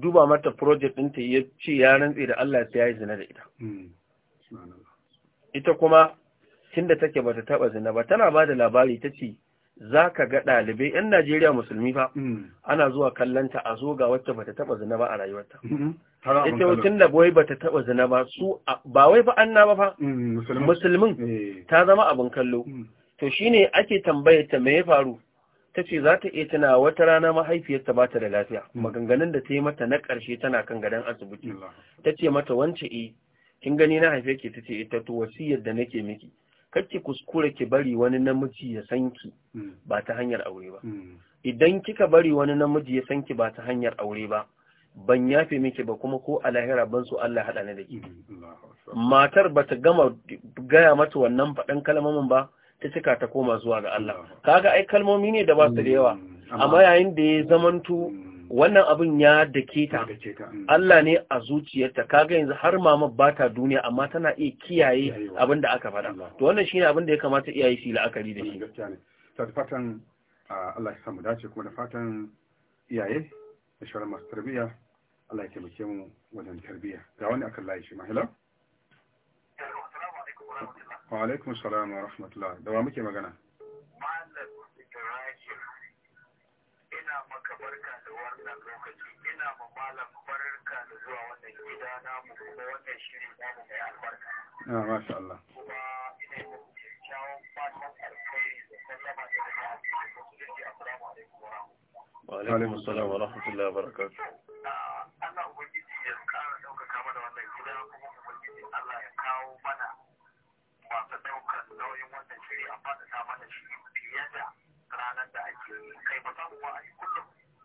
Speaker 2: duba mata project ɗinta ya ce ya rantse da Allah sai ya yi zina da ita. Ita kuma tunda take bata taba zina ba tana bada labari ta ce. za ka ga ɗalibai 'yan Najeriya musulmi fa mm. ana zuwa kallanta a zo ga wacce bata taɓa zina ba a rayuwarta.
Speaker 3: Mm-hmm. Ita wacin
Speaker 2: da wai bata taɓa zina ba su ba wai fa an ba fa mm, musulmin eh. ta zama abin kallo. Mm. To shi ne ake tambaye ta me ya faru? Ta ce za ta iya tana wata rana mahaifiyarta ba ta da lafiya. Maganganun da ta yi mata na ƙarshe tana kan gadon asibiti. Ta ce mata wance e, kin gani na haife ki ta ce ita to wasiyar da nake miki. kake kuskure ki bari wani namiji ya sanki hmm. ba ta hanyar aure ba hmm. idan kika bari wani namiji ya sanki ba ta hanyar aure ba ban yafe miki ba kuma ko a lahira ban so Allah haɗa ni da ki
Speaker 3: hmm.
Speaker 2: matar ba ta gama gaya mata wannan faɗan kalmomin ba ta cika ta koma zuwa ga Allah kaga ai kalmomi ne da ba su da yawa
Speaker 3: amma yayin
Speaker 2: da ya zamantu. wannan abin ya dake ta mm. Allah ne a zuciyarta kaga yanzu har mama ba ta duniya amma tana iya kiyaye abin da aka faɗa to
Speaker 1: wannan shine abin da ya kamata iyaye su la'akari da shi ta fatan Allah ya samu dace kuma da fatan iyaye da shawarar masu tarbiyya Allah ya taimake mu wajen tarbiyya ga wani akan layi shi mahila wa alaikum salam wa rahmatullah da wa muke magana
Speaker 4: wannan lokaci ina ma malam barka da zuwa wannan gida mu kuma wannan shiri mu mai albarka. Ya masha Allah. Kuma ina yi muku kyakkyawan fatan alkhairi da sallama da da shafi da musulunci assalamu alaikum wa
Speaker 2: rahmatullahi. Wa alaikum assalam wa rahmatullahi wa barakatuh.
Speaker 4: Allah ubangiji ya kara daukaka mana wannan gida kuma ubangiji Allah ya kawo mana masu daukar nauyin wannan shiri a fadata mana shi fiye da ranar da ake kai ba samu ba a yi kullum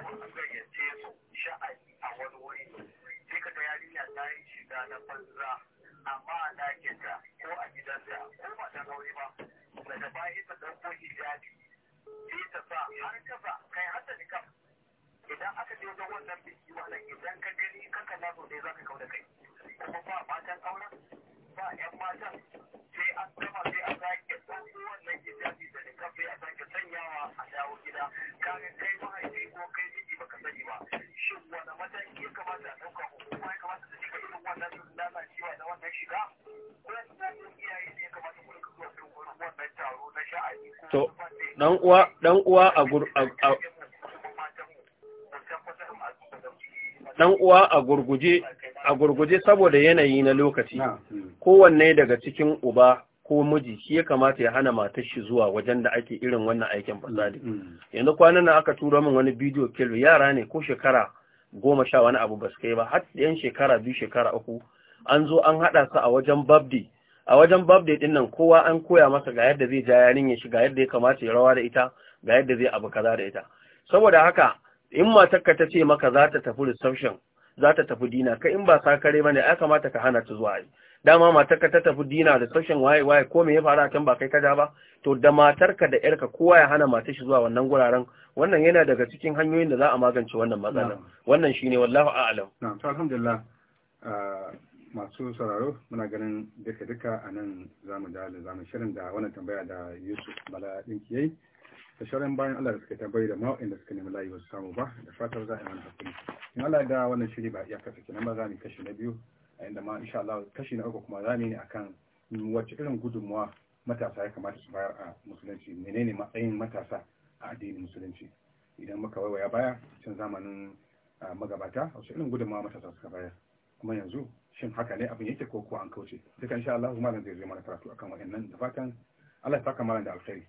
Speaker 4: an gayyace su sha'ani a wani wuri sai ka ga yarinya ta yi shiga na banza amma a ɗakinta ko a gidanta ko ba ta aure ba daga baya ta ɗauko hijabi sai ta sa
Speaker 3: har kasa kai har ta nikam idan aka je wajen wannan biki wannan idan ka gani
Speaker 4: ka kalla so za ka kauda da kai kuma ba matan auren ba 'yan matan sai an gama sai a sake ɗauko wannan hijabi da nikam sai a sake
Speaker 2: dan uwa a gurguje a gurguje saboda yanayi na lokaci kowanne daga cikin uba ko miji shi ya kamata ya hana matar shi zuwa wajen da ake irin wannan aikin fasali. Mm, mm. yanzu kwanan nan aka tura min wani bidiyo kilo yara ne ko shekara goma sha wani abu ba su kai ba har yan shekara biyu shekara uku an zo an haɗa su a wajen babdi a wajen Bab din nan kowa an koya masa ga yadda zai ja yarin ya shi ga yadda ya kamata ya rawa da ita ga yadda zai abu kaza da ita saboda haka in matarka ta ce maka za ta tafi reception za ta tafi dina kai in ba kare bane ya kamata ka hana ta zuwa dama matarka ta tafi dina da waye waye ko me ya fara a ba kai ka ja ba to da matarka da yarka kowa ya hana matar shi zuwa wannan guraren wannan yana daga cikin hanyoyin da za a magance wannan matsalar wannan shine wallahu a'lam na'am
Speaker 1: alhamdulillah ah, masu sauraro muna ganin duka-duka a nan zamu da zamu shirin da wannan tambaya da yusuf bala ɗinki yayi da shirin bayan allah da suka tambayi da ma'o'in da suka nemi layi wasu samu ba da fatar za a yi wani hakuri in allah da wannan shiri ba iya kasa kenan ba za mu kashi na biyu a inda ma insha allah kashi na uku kuma za mu yi akan wacce irin gudunmuwa matasa ya kamata su bayar a musulunci menene matsayin matasa a addinin musulunci idan muka waiwaya baya can zamanin magabata wasu irin gudunmawa matasa suka bayar kuma yanzu shin haka ne abin yake ko kuwa an kauce duk insha Allah malam zai zo mana karatu akan wa'annan da fatan Allah ya saka malam da alkhairi